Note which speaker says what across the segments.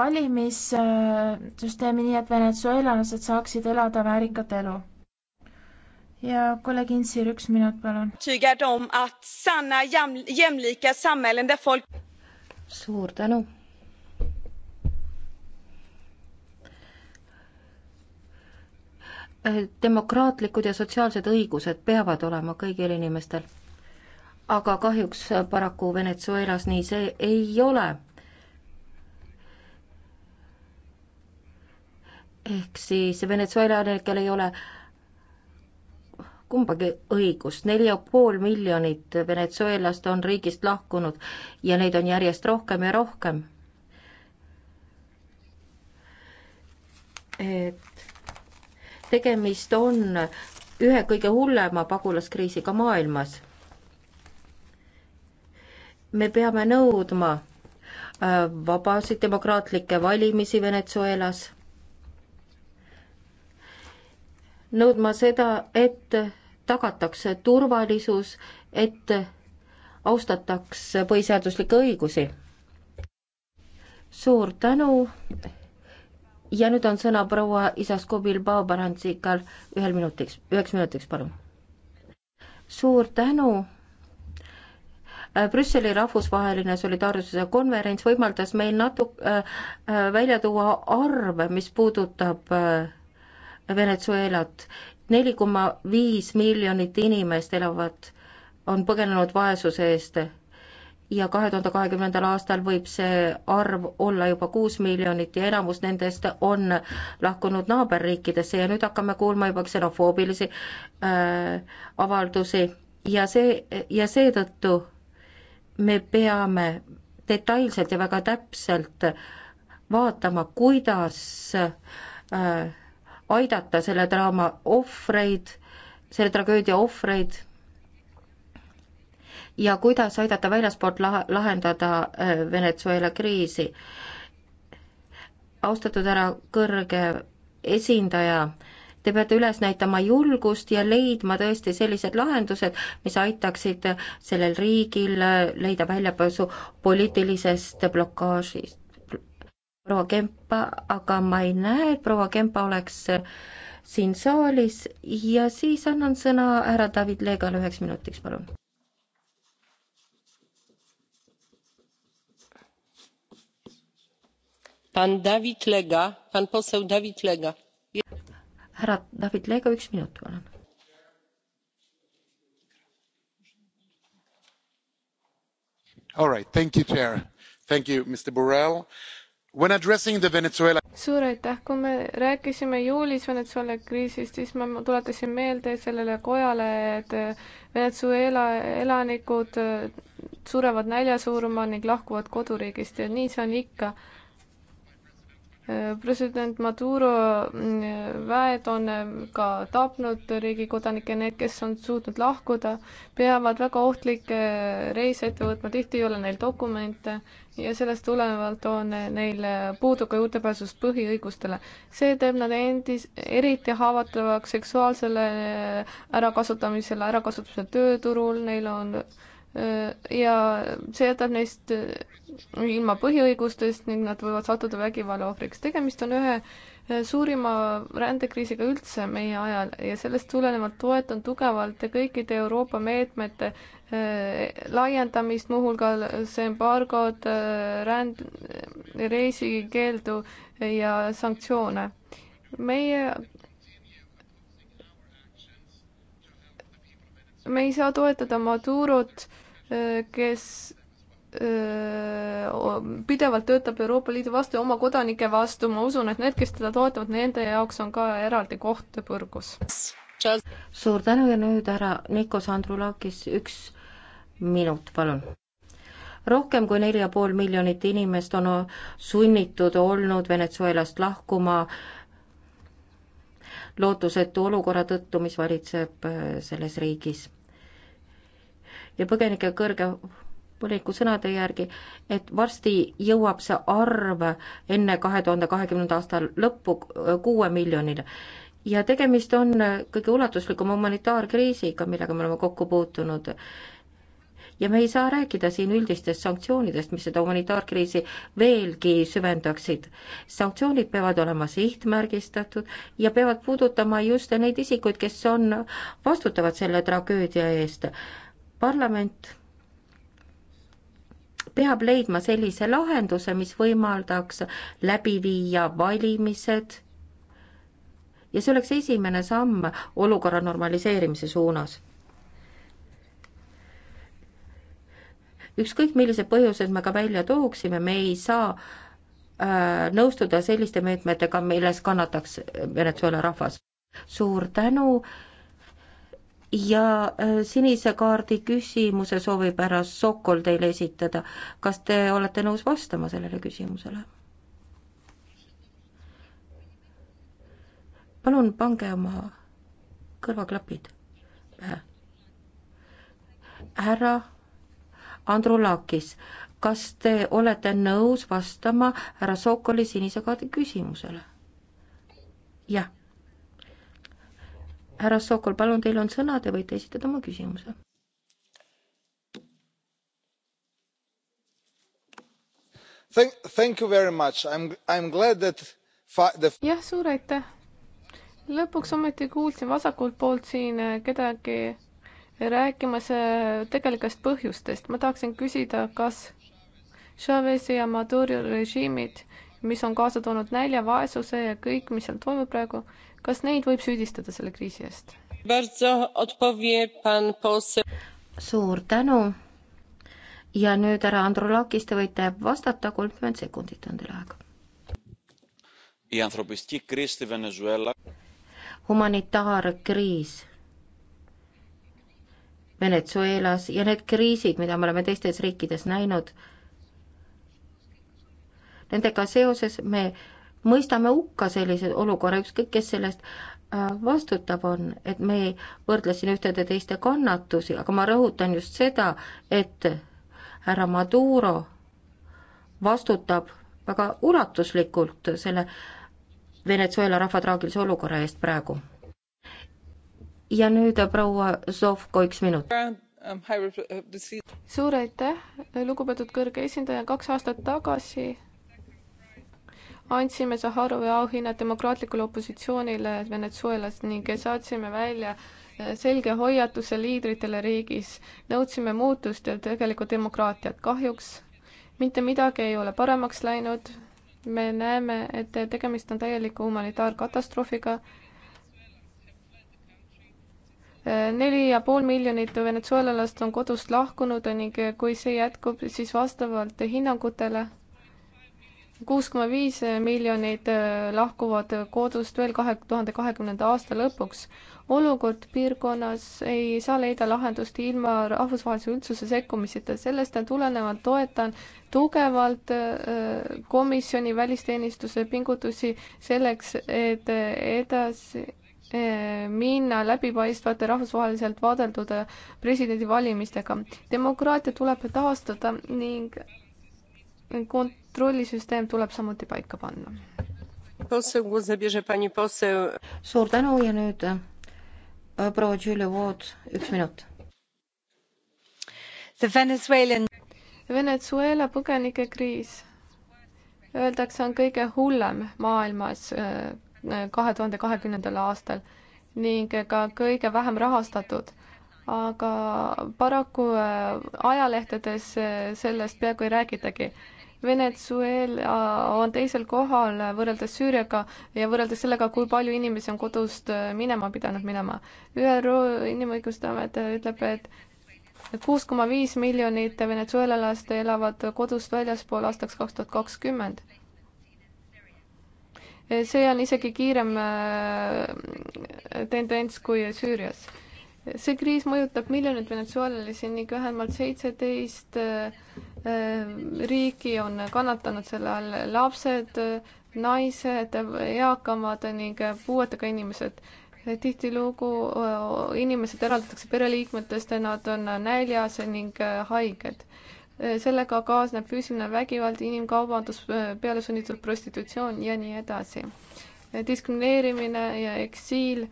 Speaker 1: valimissüsteemi nii, et venezuelalased saaksid elada väärikat elu. ja kolleeg Insir, üks minut, palun. suur tänu.
Speaker 2: demokraatlikud ja sotsiaalsed õigused peavad olema kõigil inimestel. aga kahjuks paraku Venezuelas nii see ei ole ehk siis Venezuela elanikel ei ole kumbagi õigust, neli ja pool miljonit venezuelast on riigist lahkunud ja neid on järjest rohkem ja rohkem. et tegemist on ühe kõige hullema pagulaskriisiga maailmas. me peame nõudma äh, vabasid demokraatlikke valimisi Venezuelas nõudma seda, et tagatakse turvalisus, et austataks põhiseaduslikke õigusi. suur tänu. ja nüüd on sõna proua Isaskobil Baobarantsikal ühel minutiks, üheks minutiks, palun. suur tänu Brüsseli rahvusvaheline solidaarsuse konverents võimaldas meil natu- äh, äh, välja tuua arve, mis puudutab äh, Venezuelat. neli koma viis miljonit inimest elavad, on põgenenud vaesuse eest ja kahe tuhande kahekümnendal aastal võib see arv olla juba kuus miljonit ja enamus nendest on lahkunud naaberriikidesse ja nüüd hakkame kuulma juba ksenofoobilisi äh, avaldusi ja see, ja seetõttu me peame detailselt ja väga täpselt vaatama, kuidas äh, aidata selle draama ohvreid, selle tragöödia ohvreid ja kuidas aidata väljaspoolt laha, lahendada äh, Venezuela kriisi. austatud härra kõrge esindaja, te peate üles näitama julgust ja leidma tõesti sellised lahendused, mis aitaksid sellel riigil äh, leida väljapääsu poliitilisest blokaažist proua Kempa, aga ma ei näe, et proua Kempa oleks äh, siin saalis ja siis annan sõna härra David Leegale üheks minutiks, palun. pan David Lega, pan poseł David Lega. härra David Lega, üks minut, palun
Speaker 3: All right. Thank you, Chair. Thank you, Mr. Borrell. Venezuela... suur aitäh, kui me rääkisime juulis Venezuela kriisist, siis ma tuletasin meelde sellele kojale, et Venezuela elanikud surevad näljasurma ning lahkuvad koduriigist ja nii see on ikka president Maduro mm, väed on mm, ka tapnud riigi kodanikke, need, kes on suutnud lahkuda, peavad väga ohtlikke eh, reise ette võtma, tihti ei ole neil dokumente ja sellest tulenevalt on eh, neil eh, puudu ka juurdepääsust põhiõigustele. see teeb nad endis, eriti haavatavaks seksuaalsele ärakasutamisele, ärakasutamisele tööturul, neil on ja see jätab neist ilma põhiõigustest ning nad võivad sattuda vägivalla ohvriks. tegemist on ühe suurima rändekriisiga üldse meie ajal ja sellest tulenevalt toetan tugevalt kõikide Euroopa meetmete eh, laiendamist, muuhulgas embargod, eh, ränd, reisikeeldu ja sanktsioone. meie me ei saa toetada Madurot, äh, kes äh, pidevalt töötab Euroopa Liidu vastu ja oma kodanike vastu, ma usun, et need, kes teda toetavad, nende jaoks on ka eraldi koht põrgus.
Speaker 2: suur tänu ja nüüd härra Nikos Andrulakis, üks minut, palun rohkem kui neli ja pool miljonit inimest on sunnitud olnud Venezuelast lahkuma lootusetu olukorra tõttu, mis valitseb äh, selles riigis ja põgenike kõrge voliniku sõnade järgi, et varsti jõuab see arv enne kahe tuhande kahekümnenda aasta lõppu kuue miljonile. ja tegemist on kõige ulatuslikuma humanitaarkriisiga, millega me oleme kokku puutunud ja me ei saa rääkida siin üldistest sanktsioonidest, mis seda humanitaarkriisi veelgi süvendaksid. sanktsioonid peavad olema sihtmärgistatud ja peavad puudutama just neid isikuid, kes on, vastutavad selle tragöödia eest parlament peab leidma sellise lahenduse, mis võimaldaks läbi viia valimised ja see oleks esimene samm olukorra normaliseerimise suunas. ükskõik, millised põhjused me ka välja tooksime, me ei saa äh, nõustuda selliste meetmetega, milles kannataks Venezuela rahvas. suur tänu ja äh, sinise kaardi küsimuse soovib härra Sokol teile esitada. kas te olete nõus vastama sellele küsimusele? palun pange oma kõrvaklapid pähe. härra Andrulakis, kas te olete nõus vastama härra Sokoli sinise kaardi küsimusele? jah härra Sokol, palun, teil on sõna, te võite esitada oma küsimuse.
Speaker 3: jah, suur aitäh. lõpuks ometi kuulsin vasakult poolt siin eh, kedagi rääkimas eh, tegelikest põhjustest. ma tahaksin küsida, kas Chavez'i ja Maduro režiimid, mis on kaasa toonud nälja, vaesuse ja kõik, mis seal toimub praegu, kas neid võib süüdistada selle kriisi eest? suur tänu.
Speaker 2: ja nüüd härra Andrulakis, te võite vastata, kolmkümmend sekundit on teil aega. humanitaarkriis Venezuelas ja need kriisid, mida me oleme teistes riikides näinud, nendega seoses me mõistame hukka sellise olukorra, ükskõik kes sellest äh, vastutav on, et me ei võrdle siin ühtede teiste kannatusi, aga ma rõhutan just seda, et härra Maduro vastutab väga ulatuslikult selle Venezuela rahva traagilise olukorra eest praegu. ja nüüd äh, proua Zovko, üks minut
Speaker 3: suur aitäh, lugupeetud kõrge esindaja, kaks aastat tagasi andsime Saharovi auhinna demokraatlikule opositsioonile Venezuelas ning saatsime välja eh, selge hoiatuse liidritele riigis. nõudsime muutust ja tegelikku demokraatiat. kahjuks mitte midagi ei ole paremaks läinud. me näeme, et tegemist on täieliku humanitaarkatastroofiga. Eh, neli ja pool miljonit venezuelalast on kodust lahkunud ning kui see jätkub, siis vastavalt hinnangutele kuus koma viis miljonit äh, lahkuvad kodust veel kahe tuhande kahekümnenda aasta lõpuks. olukord piirkonnas ei saa leida lahendust ilma rahvusvahelise üldsuse sekkumiseta, sellest tulenevalt toetan tugevalt äh, komisjoni välisteenistuse pingutusi selleks, et edasi äh, minna läbipaistvate rahvusvaheliselt vaadeldud presidendivalimistega. demokraatia tuleb taastada ning kontrollisüsteem tuleb samuti paika panna. suur tänu ja nüüd äh, proua Julia Wood, üks minut. Venezuelan... Venezuela põgenikekriis, öeldakse, on kõige hullem maailmas äh, kahe tuhande kahekümnendal aastal ning ka kõige vähem rahastatud aga paraku äh, ajalehtedes sellest peaaegu ei räägitagi. Venezuela on teisel kohal võrreldes Süüriaga ja võrreldes sellega, kui palju inimesi on kodust äh, minema pidanud minema. ÜRO Inimõiguste Amet ütleb, et kuus koma viis miljonit venezuelalast elavad kodust väljaspool aastaks kaks tuhat kakskümmend. see on isegi kiirem äh, tendents kui Süürias. see kriis mõjutab miljoneid venezuelalisi ning vähemalt seitseteist 17 äh, Äh, riiki on kannatanud selle all lapsed, äh, naised, eakamad ning äh, puuetega inimesed. tihtilugu inimesed eraldatakse pereliikmetest, nad on näljas ning haiged. sellega kaasneb füüsiline vägivald, inimkaubandus, pealesunnitud prostitutsioon ja nii edasi diskrimineerimine ja eksiil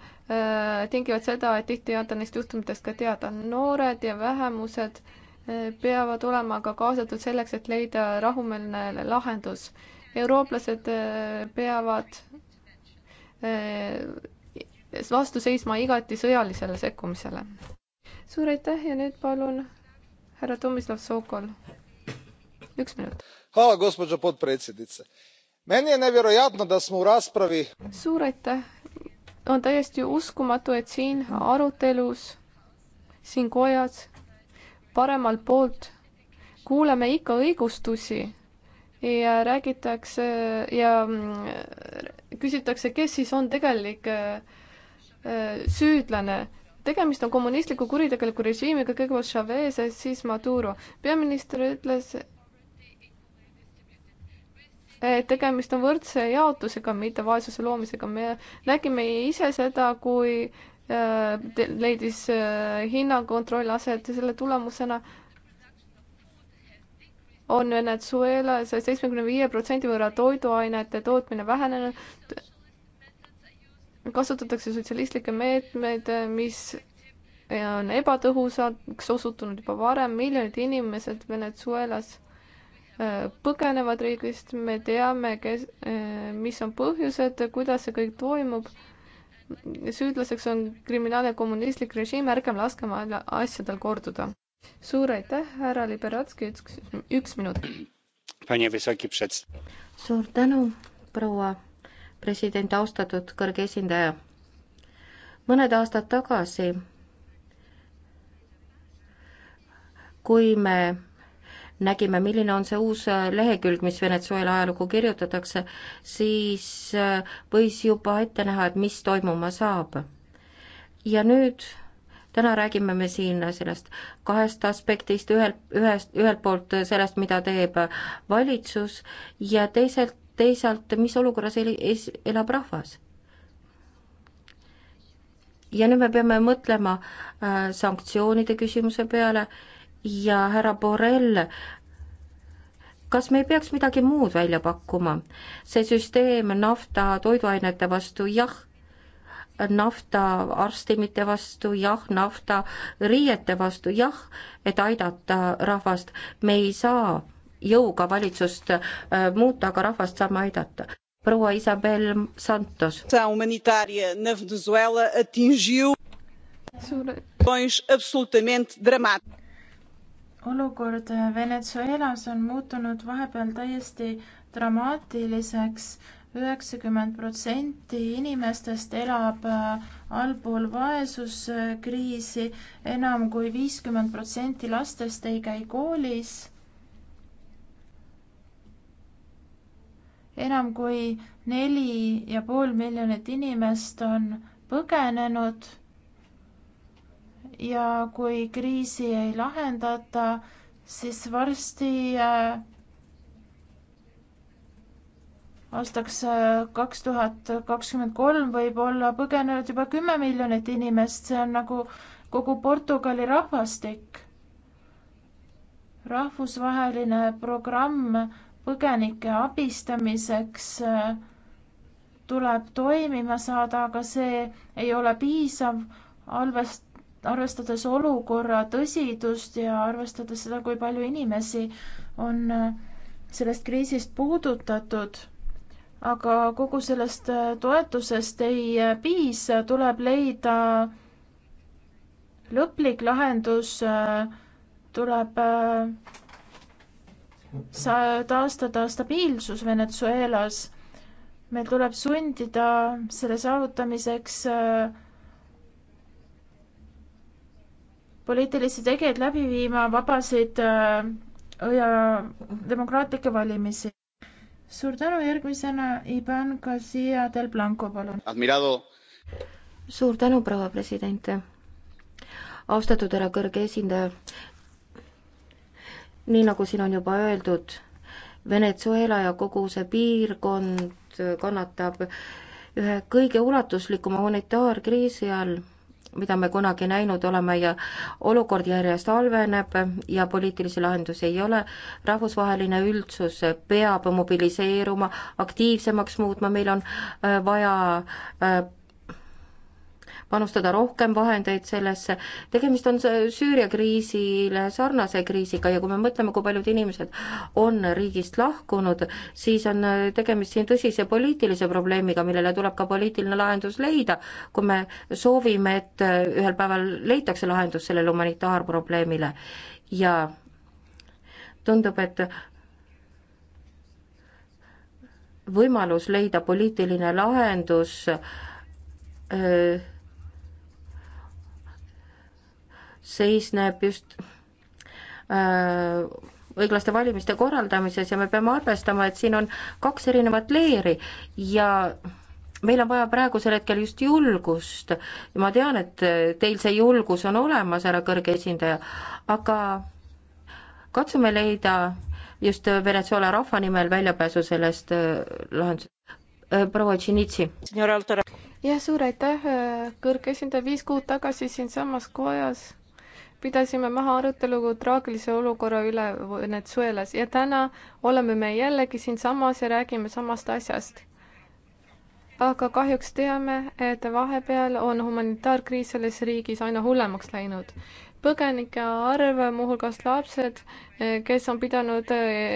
Speaker 3: tingivad seda, et tihti ei anta neist juhtumitest ka teada. noored ja vähemused äh, peavad olema ka kaasatud selleks, et leida rahumeelne lahendus. eurooplased äh, peavad äh, vastu seisma igati sõjalisele sekkumisele. suur aitäh ja nüüd palun härra Tomislav Sokol. üks minut. suur aitäh. on täiesti uskumatu, et siin arutelus, siin kojas paremalt poolt kuuleme ikka õigustusi ja räägitakse ja mm, küsitakse, kes siis on tegelik äh, äh, süüdlane. tegemist on kommunistliku kuritegeliku režiimiga, kõigepealt Chavez ja siis Maduro. peaminister ütles, tegemist on võrdse jaotusega, mitte vaesuse loomisega. me nägime ise seda, kui Äh, leidis äh, hinnakontroll aset ja selle tulemusena on Venezuelas seitsmekümne viie protsendi võrra toiduainete tootmine vähenenud. kasutatakse sotsialistlikke meetmeid, mis on ebatõhusaks osutunud juba varem, miljonid inimesed Venezuelas äh, põgenevad riigist, me teame, kes, mis on põhjused, kuidas see kõik toimub süüdlaseks on kriminaalne kommunistlik režiim, ärgem laskem asjadel korduda. suur aitäh, härra Liberatski, üks, üks minut. suur tänu,
Speaker 2: proua president, austatud kõrge esindaja. mõned aastad tagasi, kui me nägime, milline on see uus äh, lehekülg, mis Venezuela ajalugu kirjutatakse, siis äh, võis juba ette näha, et mis toimuma saab. ja nüüd täna räägime me siin sellest kahest aspektist, ühelt, ühest, ühelt poolt sellest, mida teeb valitsus ja teiselt, teisalt, mis olukorras el-, es-, elab rahvas. ja nüüd me peame mõtlema äh, sanktsioonide küsimuse peale äh, ja härra Borrell, kas me ei peaks midagi muud välja pakkuma? see süsteem nafta toiduainete vastu, jah, nafta arstimite vastu, jah, nafta riiete vastu, jah, et aidata rahvast. me ei saa jõuga valitsust äh, muuta, aga rahvast saame aidata. proua Isabel Santos.
Speaker 3: suur
Speaker 1: olukord venezuelas on muutunud vahepeal täiesti dramaatiliseks üheksakümmend protsenti inimestest elab äh, allpool vaesuskriisi enam kui viiskümmend protsenti lastest ei käi koolis enam kui neli ja pool miljonit inimest on põgenenud ja kui kriisi ei lahendata, siis varsti äh, aastaks äh, kaks tuhat kakskümmend kolm võib olla põgenenud juba kümme miljonit inimest, see on nagu kogu Portugali rahvastik. rahvusvaheline programm põgenike abistamiseks äh, tuleb toimima saada, aga see ei ole piisav, halvest arvestades olukorra tõsidust ja arvestades seda, kui palju inimesi on äh, sellest kriisist puudutatud, aga kogu sellest äh, toetusest ei äh, piisa, tuleb leida lõplik lahendus, tuleb sa-, taastada stabiilsus Venezuelas. meil tuleb sundida selle saavutamiseks äh, poliitilisi tegijaid läbi viima vabasid äh, ja demokraatlikke valimisi. suur tänu, järgmisena Ivan Garcia del Blanco, palun. suur tänu, proua
Speaker 2: president. austatud härra kõrge esindaja, nii nagu siin on juba öeldud, Venezuela ja kogu see piirkond kannatab ühe kõige ulatuslikuma humanitaarkriisi all mida me kunagi näinud oleme ja olukord järjest halveneb ja poliitilisi lahendusi ei ole. rahvusvaheline üldsus peab mobiliseeruma, aktiivsemaks muutma, meil on äh, vaja äh, panustada rohkem vahendeid sellesse. tegemist on Süüria kriisile sarnase kriisiga ja kui me mõtleme, kui paljud inimesed on riigist lahkunud, siis on tegemist siin tõsise poliitilise probleemiga, millele tuleb ka poliitiline lahendus leida, kui me soovime, et ühel päeval leitakse lahendus sellele humanitaarprobleemile ja tundub, et võimalus leida poliitiline lahendus öö, äh, seisneb just äh, õiglaste valimiste korraldamises ja me peame arvestama, et siin on kaks erinevat leeri ja meil on vaja praegusel hetkel just julgust. ma tean, et teil see julgus on olemas, härra kõrge esindaja, aga katsume leida just Venezuela rahva nimel väljapääsu sellest äh, lahendusest. Äh, proua Tšinitsi.
Speaker 3: jah, suur aitäh, kõrge esindaja, viis kuud tagasi siinsamas kojas pidasime maha arutelu traagilise olukorra üle Venezuelas ja täna oleme me jällegi siinsamas ja räägime samast asjast. aga kahjuks teame, et vahepeal on humanitaarkriis selles riigis aina hullemaks läinud. põgenike arv, muuhulgas lapsed, kes on pidanud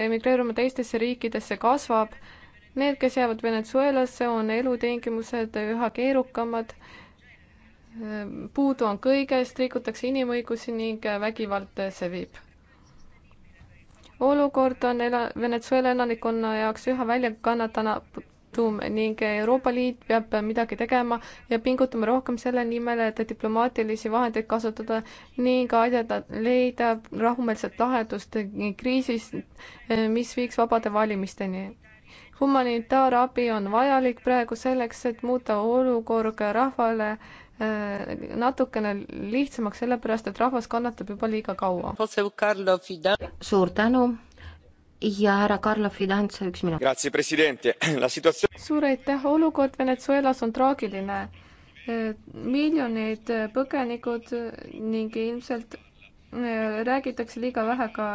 Speaker 3: emigreeruma teistesse riikidesse, kasvab. Need, kes jäävad Venezuelasse, on elutingimused üha keerukamad puudu on kõigest, rikutakse inimõigusi ning vägivald sevib. olukord on ela-, Venezuela elanikkonna jaoks üha väljakannatatum ning Euroopa Liit peab midagi tegema ja pingutama rohkem selle nimel, et diplomaatilisi vahendeid kasutada ning aidata leida rahumeelset lahendust kriisist, mis viiks vabade valimisteni humanitaarabi on vajalik praegu selleks, et muuta olukord rahvale äh, Äh, natukene lihtsamaks, sellepärast et rahvas kannatab juba liiga kaua. suur tänu ja härra Carlo Fidanza, üks minut. suur aitäh, olukord Venezuelas on traagiline. Äh, miljonid põgenikud ning ilmselt äh, räägitakse liiga vähe ka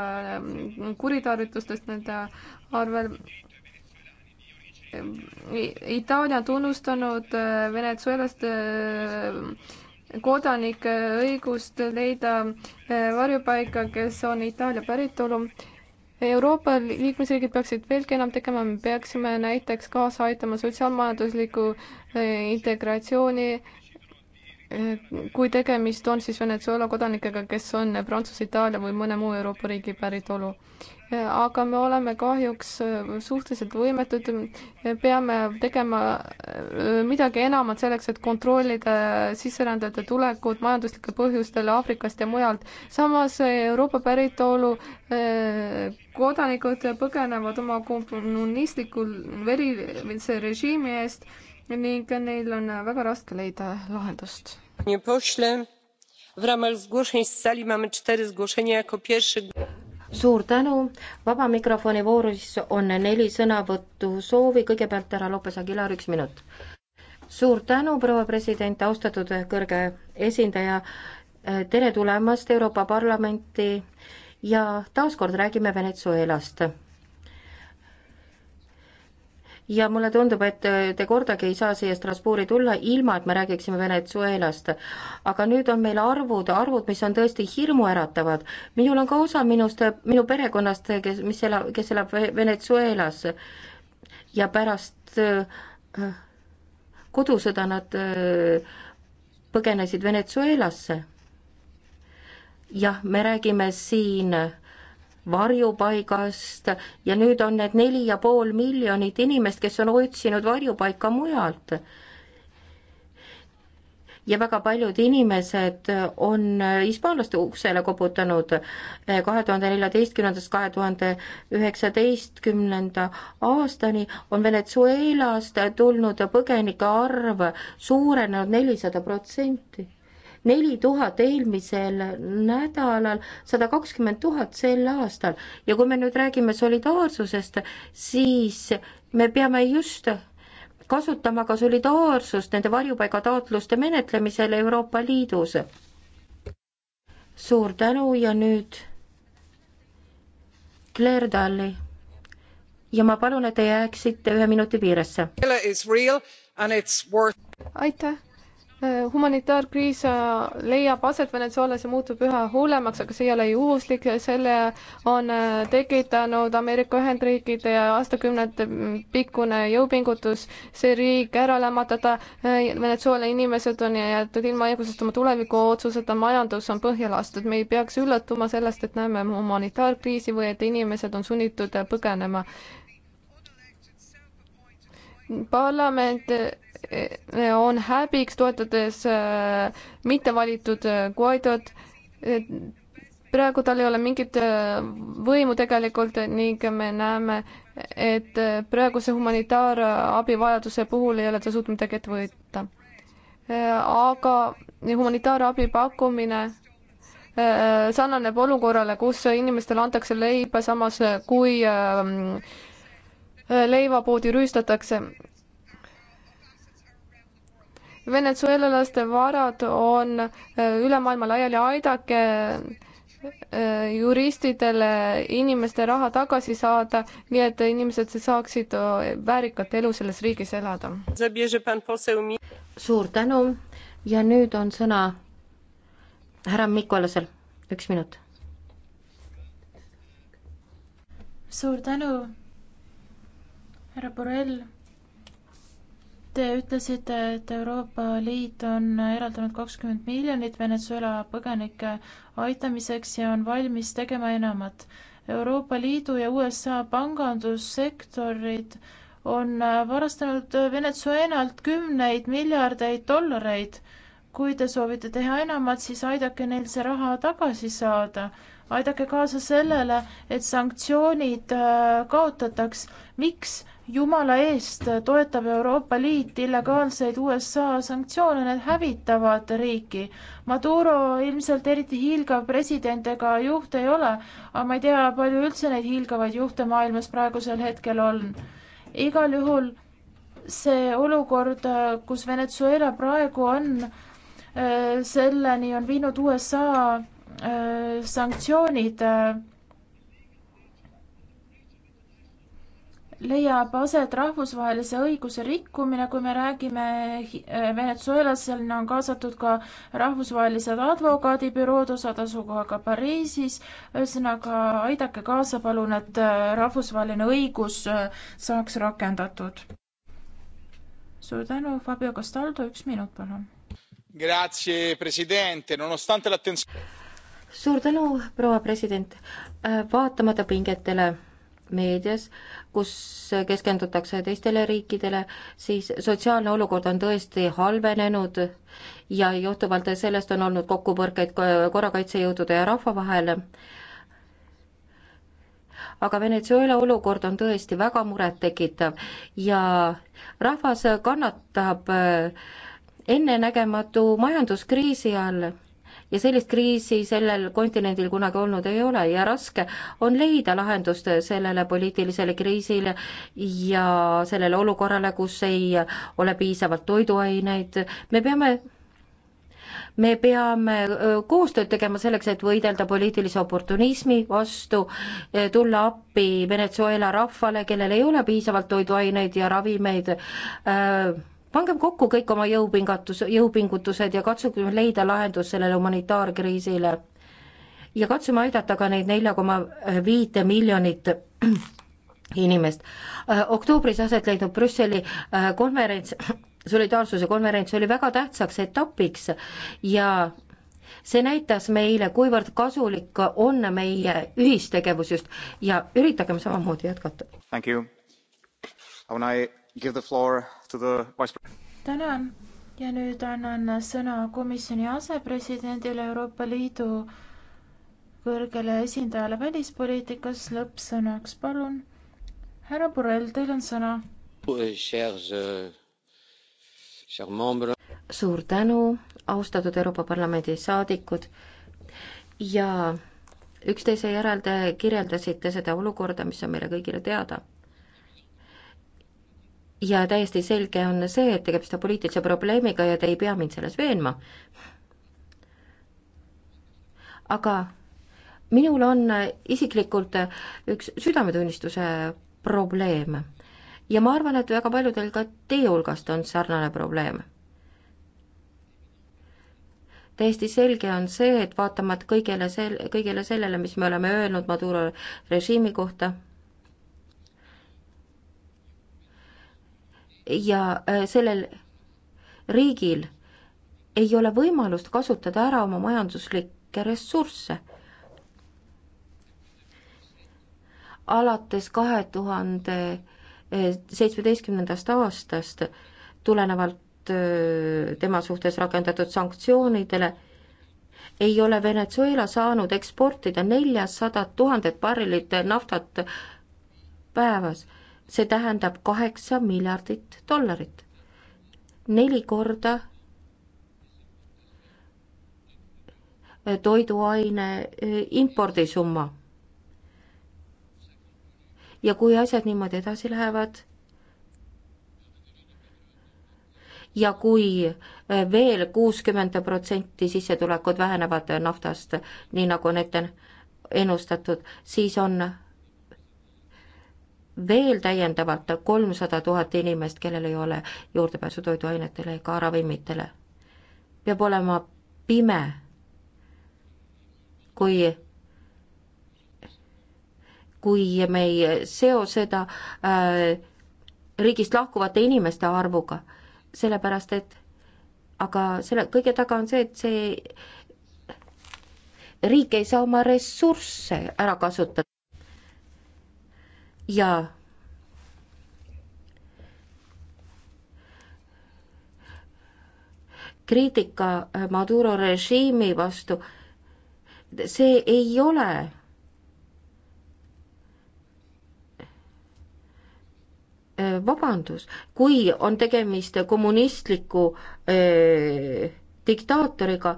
Speaker 3: kuritarvitustest nende arvel Itaalia on tunnustanud äh, Venezuelast äh, kodanike äh, õigust leida varjupaika, kes on Itaalia päritolu. Euroopa liikmesriigid peaksid veelgi enam tegema, me peaksime näiteks kaasa aitama sotsiaalmajandusliku integratsiooni kui tegemist on siis Venezuela kodanikega, kes on Prantsuse, Itaalia või mõne muu Euroopa riigi päritolu. aga me oleme kahjuks suhteliselt võimetud, peame tegema midagi enamat selleks, et kontrollida sisserändajate tulekut majanduslikel põhjustel Aafrikast ja mujalt. samas Euroopa päritolu eh, kodanikud põgenevad oma kommunistliku verise režiimi eest ning neil on väga raske leida lahendust panie pośle! w ramach zgłoszeń z sali mamy cztery zgłoszenia jako pierwszy.
Speaker 2: suur tänu, vaba mikrofoni voorus on neli sõnavõtusoovi, kõigepealt härra Lopes Aguilar, üks minut. suur tänu, proua president, austatud kõrge esindaja. tere tulemast Euroopa Parlamenti ja taaskord räägime Venezuelast ja mulle tundub, et äh, te kordagi ei saa siia Strasbourgi tulla, ilma et me räägiksime Venezuelast. aga nüüd on meil arvud, arvud, mis on tõesti hirmuäratavad. minul on ka osa minust, minu perekonnast, kes, mis elab, kes elab Venezuelas ja pärast äh, äh, kodusõda nad põgenesid Venezuelasse. jah, me räägime siin äh, varjupaigast ja nüüd on need neli ja pool miljonit inimest, kes on otsinud varjupaika mujalt. ja väga paljud inimesed on hispaanlaste uksele koputanud kahe tuhande neljateistkümnendast kahe tuhande üheksateistkümnenda aastani on Venezuelast tulnud põgenike arv suurenenud nelisada protsenti neli tuhat eelmisel nädalal, sada kakskümmend tuhat sel aastal. ja kui me nüüd räägime solidaarsusest, siis me peame just kasutama ka solidaarsust nende varjupaigataotluste menetlemisel Euroopa Liidus. suur tänu ja nüüd Claire Dalli. ja ma palun, et te jääksite ühe minuti piiresse.
Speaker 3: aitäh Eh, humanitaarkriis äh, leiab aset Venezuelas ja muutub üha hullemaks, aga see ei ole juhuslik, selle on äh, tekitanud Ameerika Ühendriikide aastakümnete mm, pikkune jõupingutus see riik ära lämmatada. Äh, Venezuela inimesed on jäetud ilma õigusest oma tuleviku otsuseta, majandus on põhja lastud, me ei peaks üllatuma sellest, et näeme humanitaarkriisi või et inimesed on sunnitud põgenema parlament eh, on häbiks, toetades eh, mittevalitud eh, Guaidot. praegu tal ei ole mingit võimu tegelikult ning me näeme, et praeguse humanitaarabivajaduse puhul ei ole ta suutnud midagi ette võtta. aga humanitaarabi pakkumine sarnaneb olukorrale, kus inimestele antakse leiba, samas kui Äh, leivapoodi rüüstatakse. venezuelalaste varad on äh, üle maailma laiali, aidake äh, juristidele inimeste raha tagasi saada, nii et inimesed saaksid väärikat elu selles riigis elada. suur tänu ja nüüd on sõna
Speaker 2: härra Mikolasel, üks minut.
Speaker 1: suur tänu härra Borrell, te ütlesite, et Euroopa Liit on eraldanud kakskümmend miljonit Venezuela põgenike aitamiseks ja on valmis tegema enamat. Euroopa Liidu ja USA pangandussektorid on varastanud Venezuelalt kümneid miljardeid dollareid. kui te soovite teha enamat, siis aidake neil see raha tagasi saada. aidake kaasa sellele, et sanktsioonid äh, kaotataks. miks jumala eest toetab Euroopa Liit illegaalseid USA sanktsioone, need hävitavad riiki. Maduro ilmselt eriti hiilgav president ega juht ei ole, aga ma ei tea, palju üldse neid hiilgavaid juhte maailmas praegusel hetkel on. igal juhul see olukord, kus Venezuela praegu on, äh, selleni on viinud USA äh, sanktsioonid äh, leiab aset rahvusvahelise õiguse rikkumine, kui me räägime eh, Venezuelas, sinna on kaasatud ka rahvusvahelised advokaadibürood, osad asukoha ka Pariisis, ühesõnaga aidake kaasa, palun, et eh, rahvusvaheline õigus eh, saaks rakendatud. suur tänu, Fabio Castaldo, üks minut, palun. suur tänu, proua president, äh,
Speaker 2: vaatamata pingetele meedias, kus keskendutakse teistele riikidele, siis sotsiaalne olukord on tõesti halvenenud ja johtuvalt sellest on olnud kokkupõrkeid korrakaitsejõudude ja rahva vahel. aga Venezuela olukord on tõesti väga murettekitav ja rahvas kannatab ennenägematu majanduskriisi all ja sellist kriisi sellel kontinendil kunagi olnud ei ole ja raske on leida lahendust sellele poliitilisele kriisile ja sellele olukorrale, kus ei ole piisavalt toiduaineid, me peame me peame koostööd tegema selleks, et võidelda poliitilise oportunismi vastu, tulla appi Venezuela rahvale, kellel ei ole piisavalt toiduaineid ja ravimeid äh, pangem kokku kõik oma jõupingatus, jõupingutused ja katsume leida lahendus sellele humanitaarkriisile. ja katsume aidata ka neid nelja koma viite miljonit inimest. oktoobris aset leidnud Brüsseli äh, konverents, solidaarsuse konverents oli väga tähtsaks etapiks ja see näitas meile, kuivõrd kasulik on meie ühistegevus just ja üritagem samamoodi jätkata.
Speaker 1: Thank you. I wanna give the floor tänan ja nüüd annan sõna komisjoni asepresidendile Euroopa Liidu kõrgele esindajale välispoliitikas lõppsõnaks, palun. härra Borrell, teil on sõna. suur tänu, austatud Euroopa
Speaker 2: Parlamendi saadikud ja üksteise järel te kirjeldasite seda olukorda, mis on meile kõigile teada ja täiesti selge on see, et tegemist on poliitilise probleemiga ja te ei pea mind selles veenma. aga minul on isiklikult üks südametunnistuse probleem ja ma arvan, et väga paljudel ka teie hulgast on sarnane probleem. täiesti selge on see, et vaatamata kõigele sel-, kõigele sellele, mis me oleme öelnud Maduro režiimi kohta, ja äh, sellel riigil ei ole võimalust kasutada ära oma majanduslikke ressursse. alates kahe tuhande seitsmeteistkümnendast aastast tulenevalt äh, tema suhtes rakendatud sanktsioonidele ei ole Venezuela saanud eksportida neljasadat tuhandet barrelit naftat päevas see tähendab kaheksa miljardit dollarit. neli korda e, toiduaine e, impordisumma. ja kui asjad niimoodi edasi lähevad, ja kui e, veel kuuskümmend protsenti sissetulekud vähenevad naftast, nii nagu on ette ennustatud, siis on veel täiendavalt kolmsada tuhat inimest, kellel ei ole juurdepääsu toiduainetele ega ravimitele. peab olema pime, kui kui me ei seo seda äh, riigist lahkuvate inimeste arvuga, sellepärast et aga selle kõige taga on see, et see riik ei saa oma ressursse ära kasutada ja kriitika äh, Maduro režiimi vastu, see ei ole äh, vabandus, kui on tegemist kommunistliku öö, äh, diktaatoriga,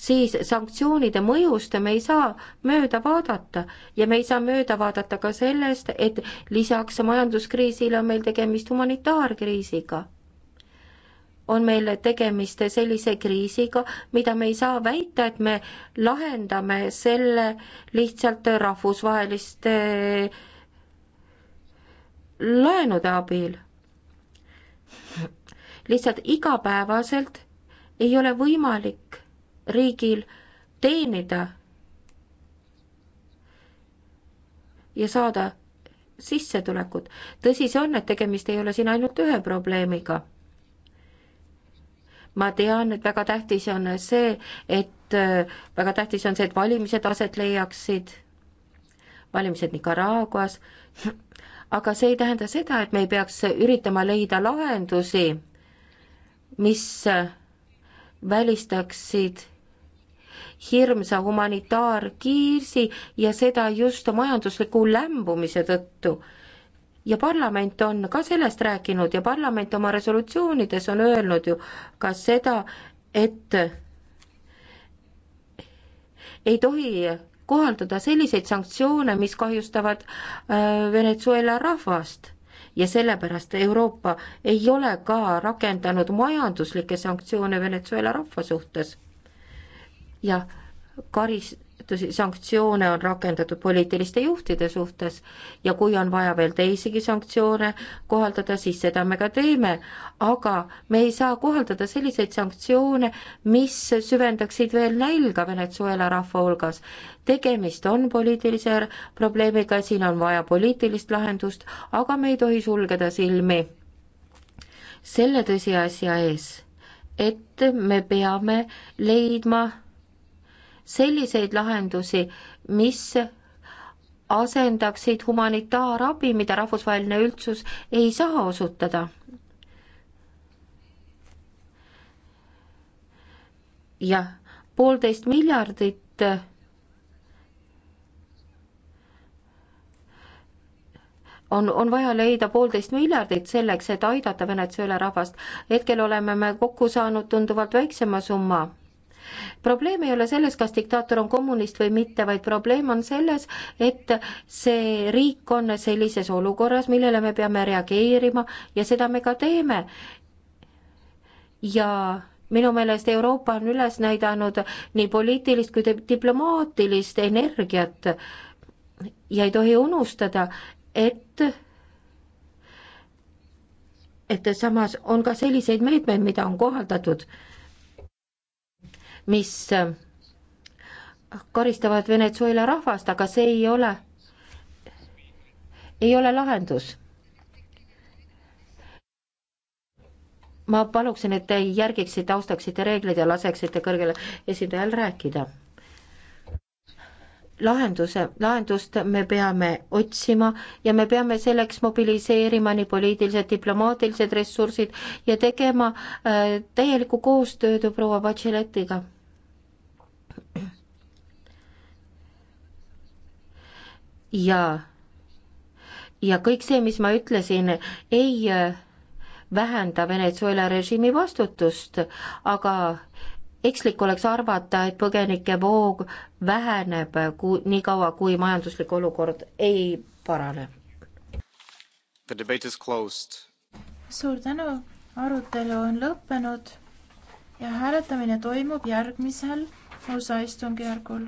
Speaker 2: siis sanktsioonide mõjust me ei saa mööda vaadata ja me ei saa mööda vaadata ka sellest, et lisaks majanduskriisile on meil tegemist humanitaarkriisiga. on meil tegemist sellise kriisiga, mida me ei saa väita, et me lahendame selle lihtsalt rahvusvaheliste eh, laenude abil lihtsalt igapäevaselt ei ole võimalik riigil teenida ja saada sissetulekut. tõsi see on, et tegemist ei ole siin ainult ühe probleemiga. ma tean, et väga tähtis on see, et väga tähtis on see, et valimised aset leiaksid, valimised Nicaraguas, aga see ei tähenda seda, et me ei peaks üritama leida lahendusi, mis välistaksid hirmsa humanitaarkiirsi ja seda just majandusliku lämbumise tõttu. ja parlament on ka sellest rääkinud ja parlament oma resolutsioonides on öelnud ju ka seda, et ei tohi kohaldada selliseid sanktsioone, mis kahjustavad äh, Venezuela rahvast ja sellepärast Euroopa ei ole ka rakendanud majanduslikke sanktsioone Venezuela rahva suhtes ja karistusi, sanktsioone on rakendatud poliitiliste juhtide suhtes ja kui on vaja veel teisigi sanktsioone kohaldada, siis seda me ka teeme, aga me ei saa kohaldada selliseid sanktsioone, mis süvendaksid veel nälga Venezuela rahva hulgas. tegemist on poliitilise probleemiga, siin on vaja poliitilist lahendust, aga me ei tohi sulgeda silmi selle tõsiasja ees, et me peame leidma selliseid lahendusi, mis asendaksid humanitaarabi, mida rahvusvaheline üldsus ei saa osutada. jah, poolteist miljardit on, on vaja leida poolteist miljardit selleks, et aidata Venezuela rahvast. hetkel oleme me kokku saanud tunduvalt väiksema summa probleem ei ole selles, kas diktaator on kommunist või mitte, vaid probleem on selles, et see riik on sellises olukorras, millele me peame reageerima ja seda me ka teeme. ja minu meelest Euroopa on üles näidanud nii poliitilist kui diplomaatilist energiat ja ei tohi unustada, et et samas on ka selliseid meetmeid, mida on kohaldatud mis äh, karistavad Venezuela rahvast, aga see ei ole, ei ole lahendus. ma paluksin, et te järgiksite, austaksite reegleid ja laseksite kõrgele esindajal rääkida. lahenduse, lahendust me peame otsima ja me peame selleks mobiliseerima nii poliitilised, diplomaatilised ressursid ja tegema äh, täielikku koostööd proua Bacheletiga ja, ja kõik see, mis ma ütlesin, ei äh, vähenda Venezuela režiimi vastutust, aga ekslik oleks arvata, et põgenike voog väheneb äh, ku-, niikaua, kui majanduslik olukord
Speaker 1: ei parane. suur tänu, arutelu on lõppenud ja hääletamine toimub järgmisel osaistungjärgul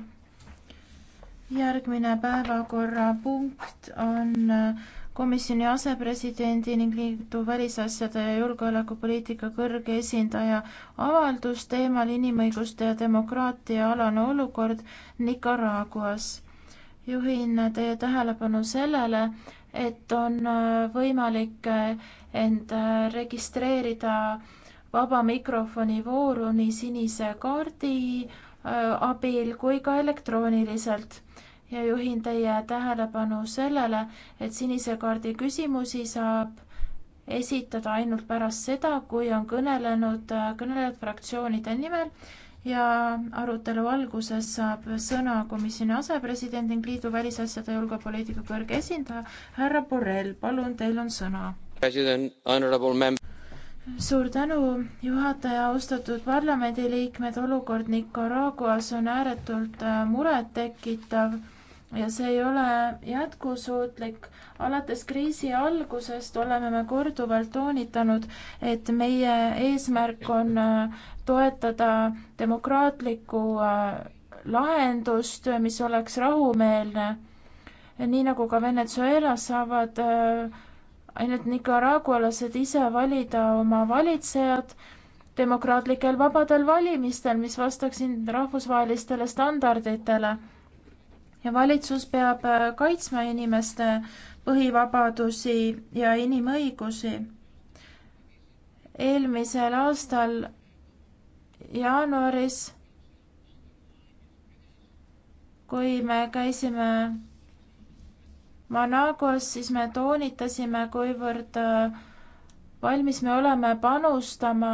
Speaker 1: järgmine päevakorrapunkt on äh, komisjoni asepresidendi ning liidu välisasjade ja julgeolekupoliitika kõrge esindaja avaldus teemal inimõiguste ja demokraatia alane olukord Nicaraguas. juhin teie tähelepanu sellele, et on äh, võimalik äh, end registreerida vaba mikrofoni vooru nii sinise kaardi abil kui ka elektrooniliselt ja juhin teie tähelepanu sellele, et sinise kaardi küsimusi saab esitada ainult pärast seda, kui on kõnelenud kõnelejad fraktsioonide nimel ja arutelu alguses saab sõna komisjoni asepresident ning liidu välisasjade ja julgepoliitika kõrge esindaja härra Borrell, palun, teil on sõna. suur tänu, juhataja, austatud parlamendiliikmed, olukord Nicaraguas on ääretult äh, murettekitav ja see ei ole jätkusuutlik. alates kriisi algusest oleme me korduvalt toonitanud, et meie eesmärk on äh, toetada demokraatlikku äh, lahendust, mis oleks rahumeelne. nii nagu ka Venezuelas saavad äh, ainult nicaragualased ise valida oma valitsejad demokraatlikel vabadel valimistel, mis vastaksid rahvusvahelistele standarditele ja valitsus peab äh, kaitsma inimeste põhivabadusi ja inimõigusi. eelmisel aastal jaanuaris, kui me käisime Managos, siis me toonitasime, kuivõrd äh, valmis me oleme panustama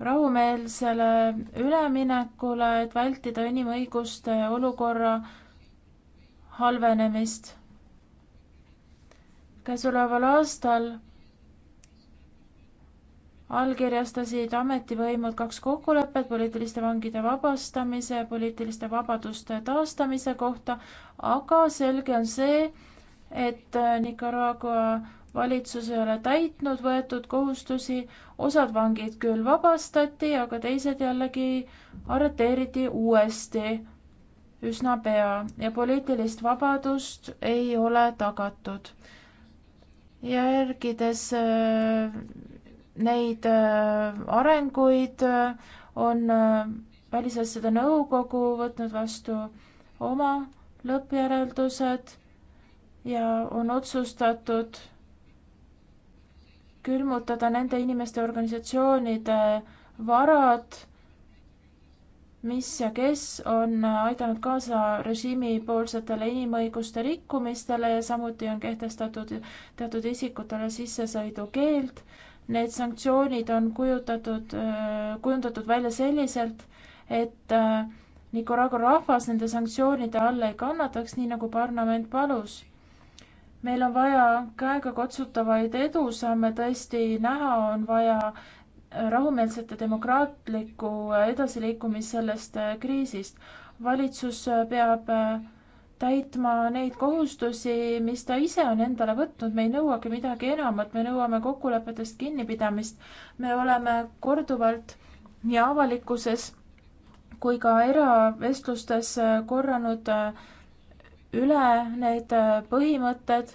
Speaker 1: rahumeelsele üleminekule, et vältida inimõiguste olukorra halvenemist. käesoleval aastal allkirjastasid ametivõimud kaks kokkulepet poliitiliste vangide vabastamise ja poliitiliste vabaduste taastamise kohta, aga selge on see, et Nicaragua valitsus ei ole täitnud võetud kohustusi, osad vangid küll vabastati, aga teised jällegi arreteeriti uuesti üsna pea ja poliitilist vabadust ei ole tagatud. järgides äh, neid äh, arenguid äh, on välisasjade nõukogu võtnud vastu oma lõppjäreldused ja on otsustatud külmutada nende inimeste organisatsioonide varad, mis ja kes on aidanud kaasa režiimipoolsetele inimõiguste rikkumistele ja samuti on kehtestatud teatud isikutele sissesõidukeeld. Need sanktsioonid on kujutatud, kujundatud välja selliselt, et äh, Nicaragua rahvas nende sanktsioonide all ei kannataks, nii nagu parlament palus meil on vaja käegakatsutavaid edusamme tõesti näha, on vaja rahumeelset ja demokraatlikku edasiliikumist sellest äh, kriisist. valitsus äh, peab äh, täitma neid kohustusi, mis ta ise on endale võtnud, me ei nõuagi midagi enamat, me nõuame kokkulepetest kinnipidamist. me oleme korduvalt nii avalikkuses kui ka eravestlustes korranud äh, üle need äh, põhimõtted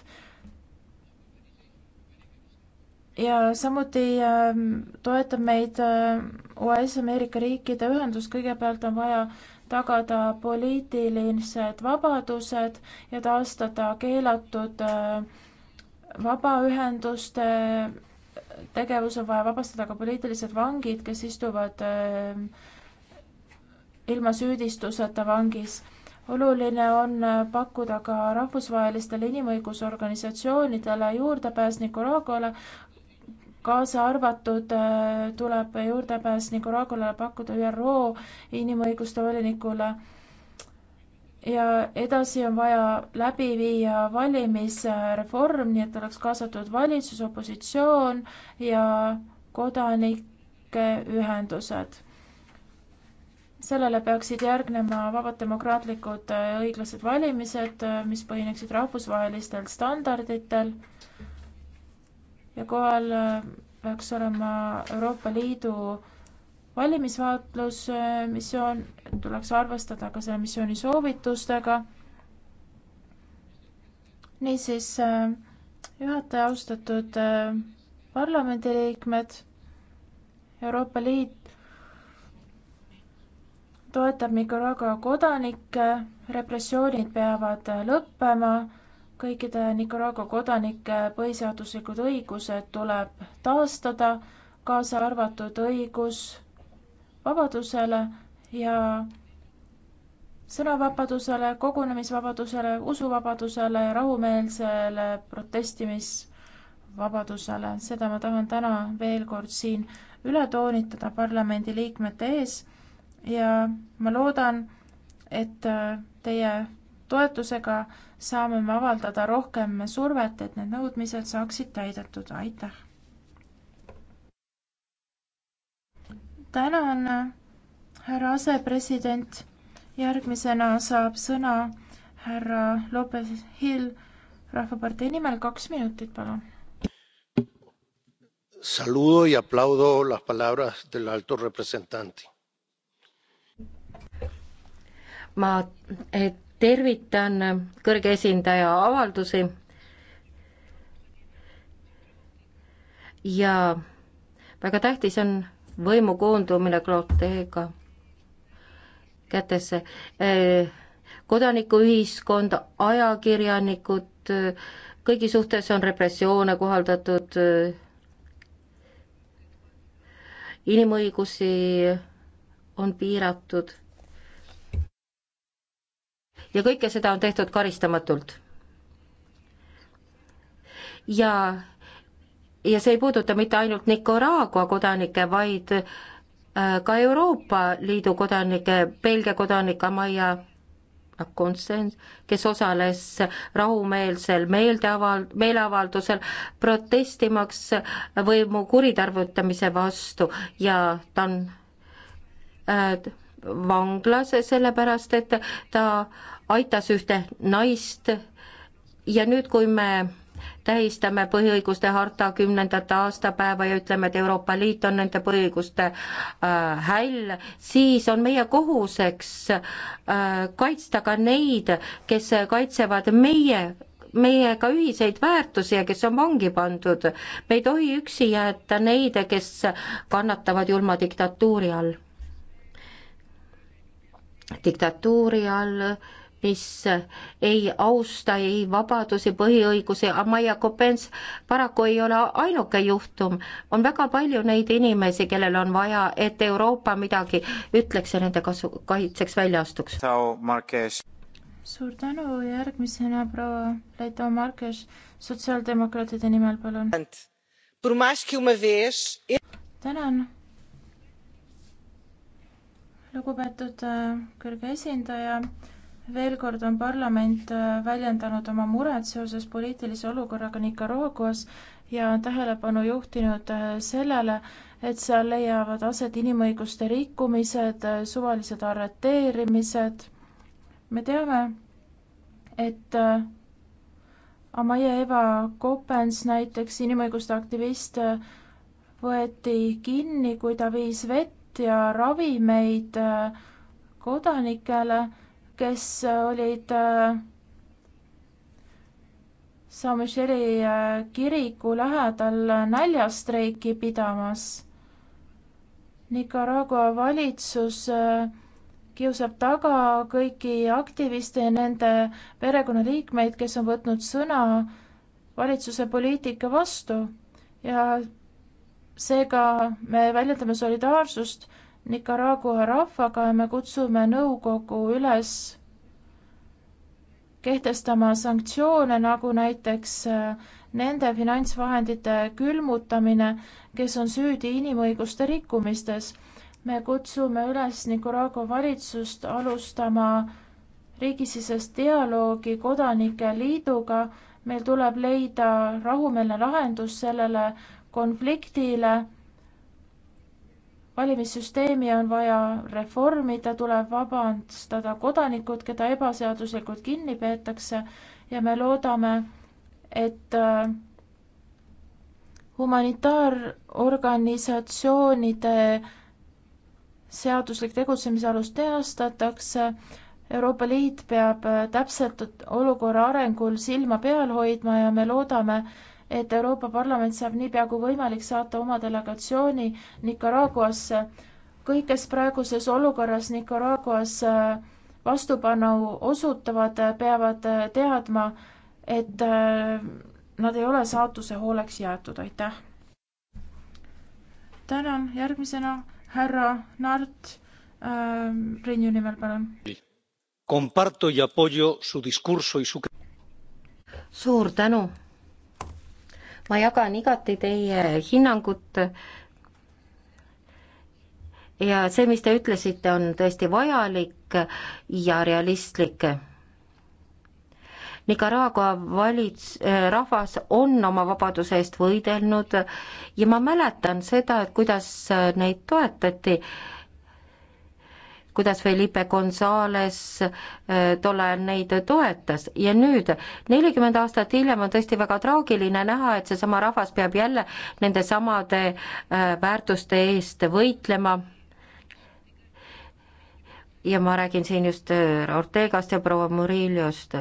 Speaker 1: ja samuti ähm, toetab meid OAS äh, Ameerika riikide ühendus, kõigepealt on vaja tagada poliitilised vabadused ja taastada keelatud äh, vabaühenduste tegevus, on vaja vabastada ka poliitilised vangid, kes istuvad ilma süüdistuseta vangis oluline on pakkuda ka rahvusvahelistele inimõigusorganisatsioonidele juurdepääs Nicaraguale, kaasa arvatud äh, tuleb juurdepääs Nicaraguale pakkuda ÜRO inimõiguste volinikule ja edasi on vaja läbi viia valimisreform, nii et oleks kaasatud valitsus, opositsioon ja kodanikeühendused sellele peaksid järgnema vabad demokraatlikud ja äh, õiglased valimised, äh, mis põhineksid rahvusvahelistel standarditel ja kohal äh, peaks olema Euroopa Liidu valimisvaatlusmissioon, tuleks arvestada ka selle missiooni soovitustega. niisiis, juhataja, austatud parlamendiliikmed, Euroopa Liit toetab Nicaragua kodanikke, repressioonid peavad lõppema, kõikide Nicaragua kodanike põhiseaduslikud õigused tuleb taastada, kaasa arvatud õigus vabadusele ja sõnavabadusele, kogunemisvabadusele, usuvabadusele ja rahumeelsele protestimisvabadusele. seda ma tahan täna veel kord siin üle toonitada parlamendi liikmete ees ja ma loodan, et äh, teie toetusega saame me avaldada rohkem survet, et need nõudmised saaksid täidetud, aitäh! tänan, härra asepresident, järgmisena saab sõna härra Lopez Hill Rahvapartei nimel, kaks minutit, palun.
Speaker 2: Saludo y aplaudo las palabras del alto representante ma eh, tervitan kõrge esindaja avaldusi ja väga tähtis on võimu koondumine Kloteega kätesse. Eh, kodanikuühiskond, ajakirjanikud, eh, kõigi suhtes on repressioone kohaldatud, inimõigusi on piiratud ja kõike seda on tehtud karistamatult. ja, ja see ei puuduta mitte ainult Nicaragua kodanikke, vaid äh, ka Euroopa Liidu kodanikke, Belgia kodanik Amaia konsens, kes osales rahumeelsel meeldeaval-, meeleavaldusel protestimaks võimu kuritarvitamise vastu ja ta on äh, vanglas, sellepärast et ta aitas ühte naist ja nüüd, kui me tähistame põhiõiguste harta kümnendat aastapäeva ja ütleme, et Euroopa Liit on nende põhiõiguste äh, häll, siis on meie kohuseks äh, kaitsta ka neid, kes kaitsevad meie meiega ühiseid väärtusi ja kes on vangi pandud. me ei tohi üksi jätta neid, kes kannatavad julma diktatuuri all. diktatuuri all äh, mis ei austa ei vabadusi, põhiõigusi, Amaya Kopens paraku ei ole ainuke juhtum. on väga palju neid inimesi, kellel on vaja, et Euroopa midagi ütleks ja nende kasu, kaitseks välja astuks.
Speaker 1: suur tänu, järgmisena proua Leito Markes sotsiaaldemokraatide nimel, palun. tänan lugupeetud äh, kõrge esindaja, veel kord on parlament äh, väljendanud oma muret seoses poliitilise olukorraga Nicaraguas ja on tähelepanu juhtinud äh, sellele, et seal leiavad aset inimõiguste rikkumised, äh, suvalised arreteerimised. me teame, et Amaya Eva Kopens näiteks, inimõiguste aktivist, võeti kinni, kui ta viis vett ja ravimeid kodanikele kes äh, olid äh, San Micheli äh, kiriku lähedal näljastreiki pidamas. Nicaragua valitsus kiusab taga kõiki aktiviste ja nende perekonnaliikmeid, kes on võtnud sõna valitsuse poliitika vastu ja seega me väljendame solidaarsust Nicaragua rahvaga ja me kutsume nõukogu üles kehtestama sanktsioone, nagu näiteks äh, nende finantsvahendite külmutamine, kes on süüdi inimõiguste rikkumistes. me kutsume üles Nicaragua valitsust alustama riigisisest dialoogi Kodanike Liiduga. meil tuleb leida rahumeelne lahendus sellele konfliktile valimissüsteemi on vaja reformida, tuleb vabastada kodanikud, keda ebaseaduslikult kinni peetakse ja me loodame, et äh, humanitaarorganisatsioonide seaduslik tegutsemisalus teostatakse. Euroopa Liit peab äh, täpselt olukorra arengul silma peal hoidma ja me loodame, et Euroopa Parlament saab niipea kui võimalik saata oma delegatsiooni Nicaraguasse. kõik, kes praeguses olukorras Nicaraguas äh, vastupanu osutavad, äh, peavad äh, teadma, et nad ei ole saatuse hooleks jäetud, aitäh. tänan, järgmisena härra Nart äh,, Reinu nimel, palun.
Speaker 3: Comparto y apoyo su discurso y su.
Speaker 2: suur tänu ma jagan igati teie hinnangut ja see, mis te ütlesite, on tõesti vajalik ja realistlik. Nicaragua valits-, eh, rahvas on oma vabaduse eest võidelnud ja ma mäletan seda, et kuidas neid toetati kuidas Felipe Gonzales äh, tol ajal neid toetas ja nüüd, nelikümmend aastat hiljem on tõesti väga traagiline näha, et seesama rahvas peab jälle nende samade äh, väärtuste eest võitlema ja ma räägin siin just äh, Ortegast ja proua Murillost,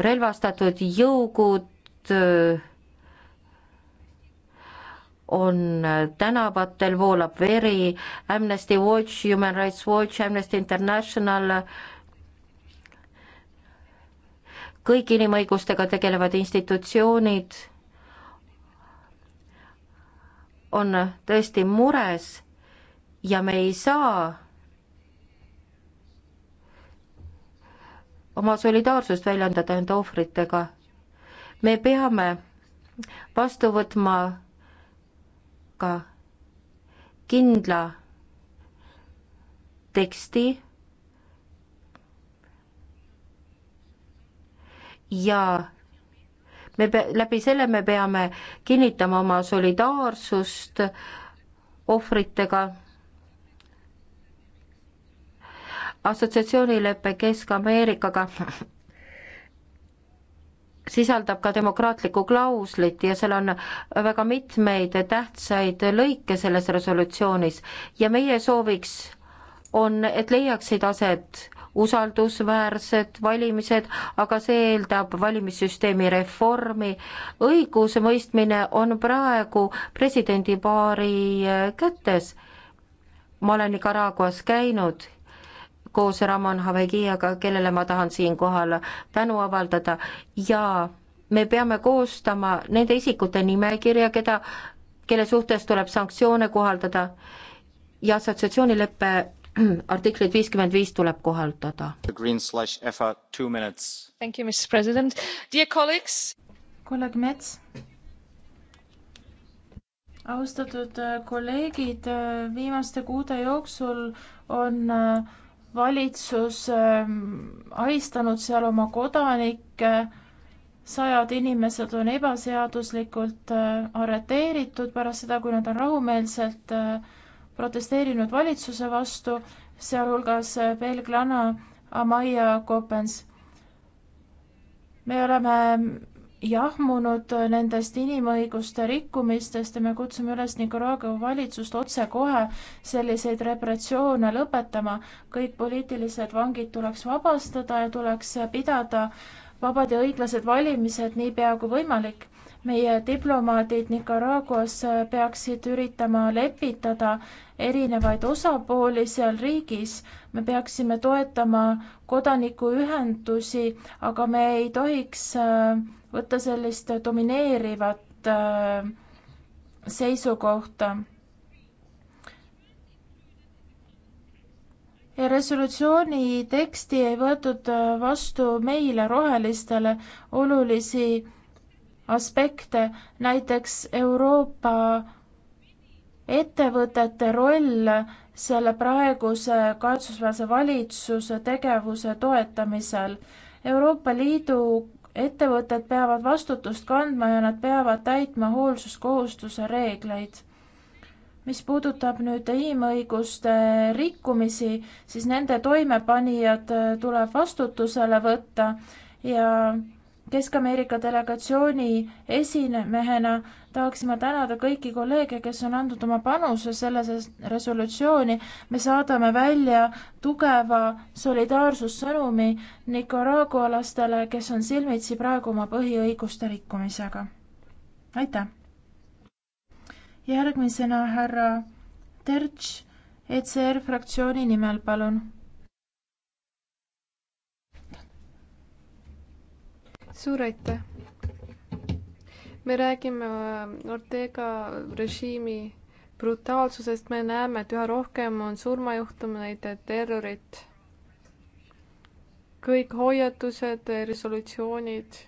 Speaker 2: relvastatud jõugud on tänavatel, voolab veri, Amnesty Watch, Human Rights Watch, Amnesty International, kõik inimõigustega tegelevad institutsioonid on tõesti mures ja me ei saa oma solidaarsust väljendada enda ohvritega. me peame vastu võtma ka kindla teksti ja me pe-, läbi selle me peame kinnitama oma solidaarsust ohvritega, assotsiatsioonilepe Kesk-Ameerikaga sisaldab ka demokraatlikku klauslit ja seal on väga mitmeid tähtsaid lõike selles resolutsioonis ja meie sooviks on, et leiaksid aset usaldusväärsed valimised, aga see eeldab valimissüsteemi reformi. õigusemõistmine on praegu presidendipaari kätes. ma olen Nicaraguas käinud koos Raman Havegiaga, kellele ma tahan siinkohal tänu avaldada ja me peame koostama nende isikute nimekirja, keda, kelle suhtes tuleb sanktsioone kohaldada ja assotsiatsioonileppe artiklit viiskümmend viis tuleb kohaldada.
Speaker 1: kolleeg Mets. austatud äh, kolleegid, äh, viimaste kuude jooksul on äh, valitsus ähm, ahistanud seal oma kodanikke, sajad inimesed on ebaseaduslikult äh, arreteeritud pärast seda, kui nad on rahumeelselt äh, protesteerinud valitsuse vastu, sealhulgas äh, belglana Amaya Coppens. me oleme jahmunud nendest inimõiguste rikkumistest ja me kutsume üles Nicaragua valitsust otsekohe selliseid repressioone lõpetama. kõik poliitilised vangid tuleks vabastada ja tuleks pidada vabad ja õiglased valimised niipea kui võimalik. meie diplomaadid Nicaraguas peaksid üritama lepitada erinevaid osapooli seal riigis. me peaksime toetama kodanikuühendusi, aga me ei tohiks äh, võtta sellist domineerivat äh, seisukohta. ja resolutsiooni teksti ei võetud äh, vastu meile, rohelistele, olulisi aspekte, näiteks Euroopa ettevõtete roll selle praeguse kahetsusväärse valitsuse tegevuse toetamisel. Euroopa Liidu ettevõtted peavad vastutust kandma ja nad peavad täitma hoolsuskohustuse reegleid. mis puudutab nüüd inimõiguste rikkumisi, siis nende toimepanijad äh, tuleb vastutusele võtta ja Kesk-Ameerika delegatsiooni esimehena tahaksime tänada kõiki kolleege, kes on andnud oma panuse sellesse resolutsiooni. me saadame välja tugeva solidaarsussõnumi nicaragualastele, kes on silmitsi praegu oma põhiõiguste rikkumisega. aitäh. järgmisena härra Terts, ECR fraktsiooni
Speaker 3: nimel, palun. suur aitäh me räägime äh, Ortega režiimi brutaalsusest, me näeme, et üha rohkem on surmajuhtumeid, terrorit. kõik hoiatused, resolutsioonid,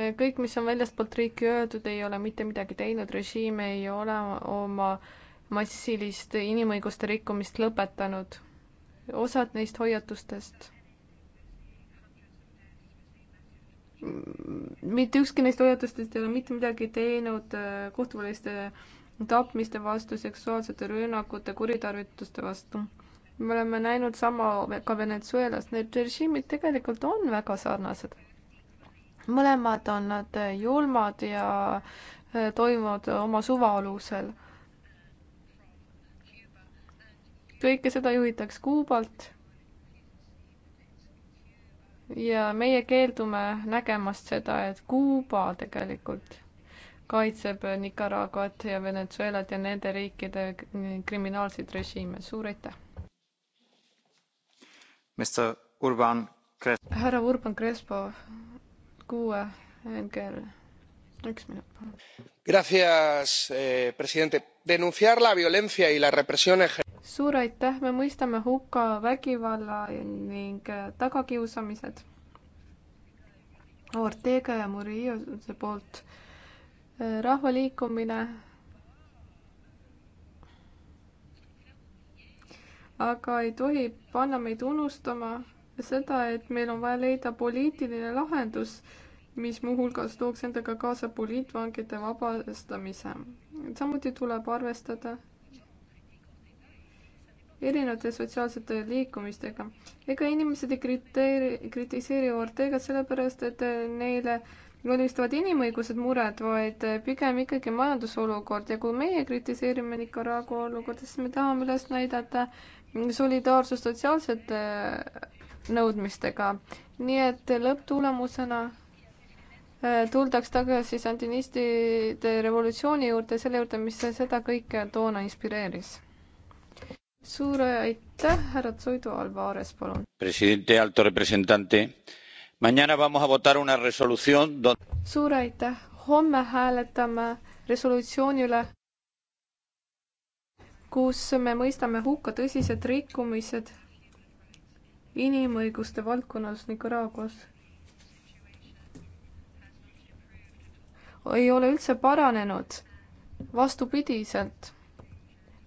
Speaker 3: äh, kõik, mis on väljastpoolt riiki öeldud, ei ole mitte midagi teinud, režiim ei ole oma massilist inimõiguste rikkumist lõpetanud. osad neist hoiatustest mitte ükski neist hoiatustest ei ole mitte midagi teinud äh, kohtuväliste tapmiste vastu, seksuaalsete rünnakute, kuritarvituste vastu. me oleme näinud sama ka Venezuelas, need režiimid tegelikult on väga sarnased. mõlemad on nad julmad ja äh, toimuvad oma suva alusel. kõike seda juhitakse Kuubalt ja meie keeldume nägemast seda, et Kuuba tegelikult kaitseb Nicaraguat ja Venezuelat ja nende riikide kriminaalseid režiime. suur aitäh! härra Urban Crespo, kuue NGL, üks minut palun.
Speaker 1: Gracias, eh, presidente. Denunciar la violencia y la represión ejer-
Speaker 3: suur aitäh, me mõistame hukka vägivalla ning äh, tagakiusamised. Ortega ja Murillo poolt äh, rahvaliikumine. aga ei tohi panna meid unustama seda, et meil on vaja leida poliitiline lahendus, mis muuhulgas tooks endaga kaasa poliitvangide vabastamise. samuti tuleb arvestada erinevate sotsiaalsete liikumistega. ega inimesed ei kriteeri-, kritiseeri Ortegat sellepärast, et neile valmistavad inimõigused mured, vaid pigem ikkagi majandusolukord ja kui meie kritiseerime Nicaragua olukorda, siis me tahame üles näidata solidaarsust sotsiaalsete nõudmistega. nii et lõpptulemusena äh, tuldaks tagasi sandinistide revolutsiooni juurde, selle juurde, mis seda kõike toona inspireeris suur aitäh, härra Tsoidu Alvarez, palun.
Speaker 2: presidente, alto representante. Mañana vamos a votar una resolución don-.
Speaker 3: suur aitäh, homme hääletame resolutsiooni üle, kus me mõistame hukka tõsised rikkumised inimõiguste valdkonnas Nicaraguas. ei ole üldse paranenud, vastupidiselt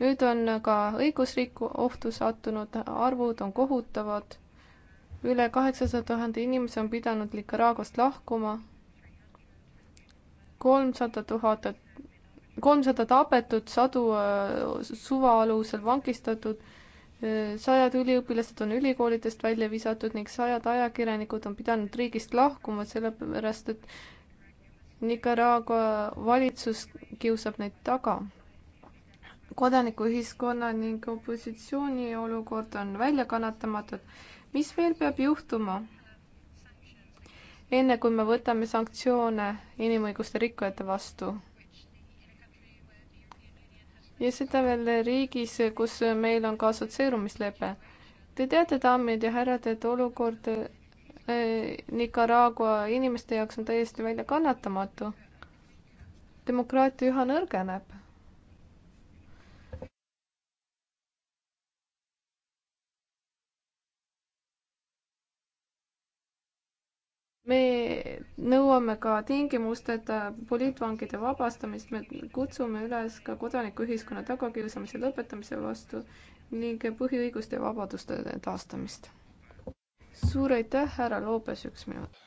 Speaker 3: nüüd on ka õigusriik ohtu sattunud, arvud on kohutavad. üle kaheksasaja tuhande inimese on pidanud Nicaraguast lahkuma. kolmsada tuhat, kolmsada tapetud, sadu äh, suva alusel vangistatud, sajad üliõpilased on ülikoolidest välja visatud ning sajad ajakirjanikud on pidanud riigist lahkuma, sellepärast et Nicaragua valitsus kiusab neid taga kodanikuühiskonna ning opositsiooni olukord on väljakannatamatud. mis veel peab juhtuma? enne kui me võtame sanktsioone inimõiguste rikkujate vastu. ja seda veel riigis, kus meil on ka assotsieerumislepe. Te teate, daamid ja härrad, et olukord eh, Nicaragua inimeste jaoks on täiesti väljakannatamatu. demokraatia üha nõrgeneb me nõuame ka tingimusteta poliitvangide vabastamist, me kutsume üles ka kodanikuühiskonna tagakiusamise lõpetamise vastu ning põhiõiguste ja vabaduste taastamist. suur aitäh, härra Loobes, üks minut.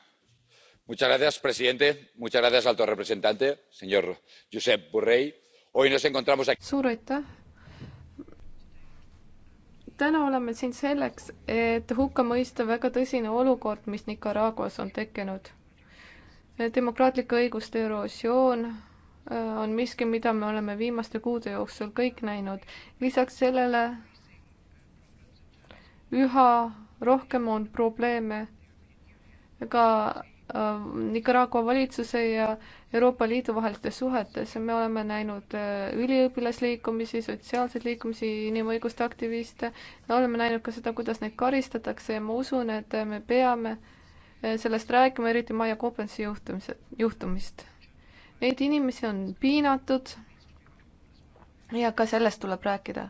Speaker 3: Muchas gracias, presidente. Muchas gracias, alto representante, señor Josep Borrell. Hoy nos encontramos aquí. Suur aitäh, täna oleme siin selleks, et hukka mõista väga tõsine olukord, mis Nicaraguas on tekkinud. demokraatlike õiguste erosioon äh, on miski, mida me oleme viimaste kuude jooksul kõik näinud. lisaks sellele üha rohkem on probleeme ka Äh, Nicaragua valitsuse ja Euroopa Liidu vahelistes suhetes. me oleme näinud äh, üliõpilasliikumisi, sotsiaalseid liikumisi, inimõiguste aktiviste. me oleme näinud ka seda, kuidas neid karistatakse ja ma usun, et me peame äh, sellest rääkima, eriti Maia Kopensi juhtumise, juhtumist. Neid inimesi on piinatud ja ka sellest tuleb rääkida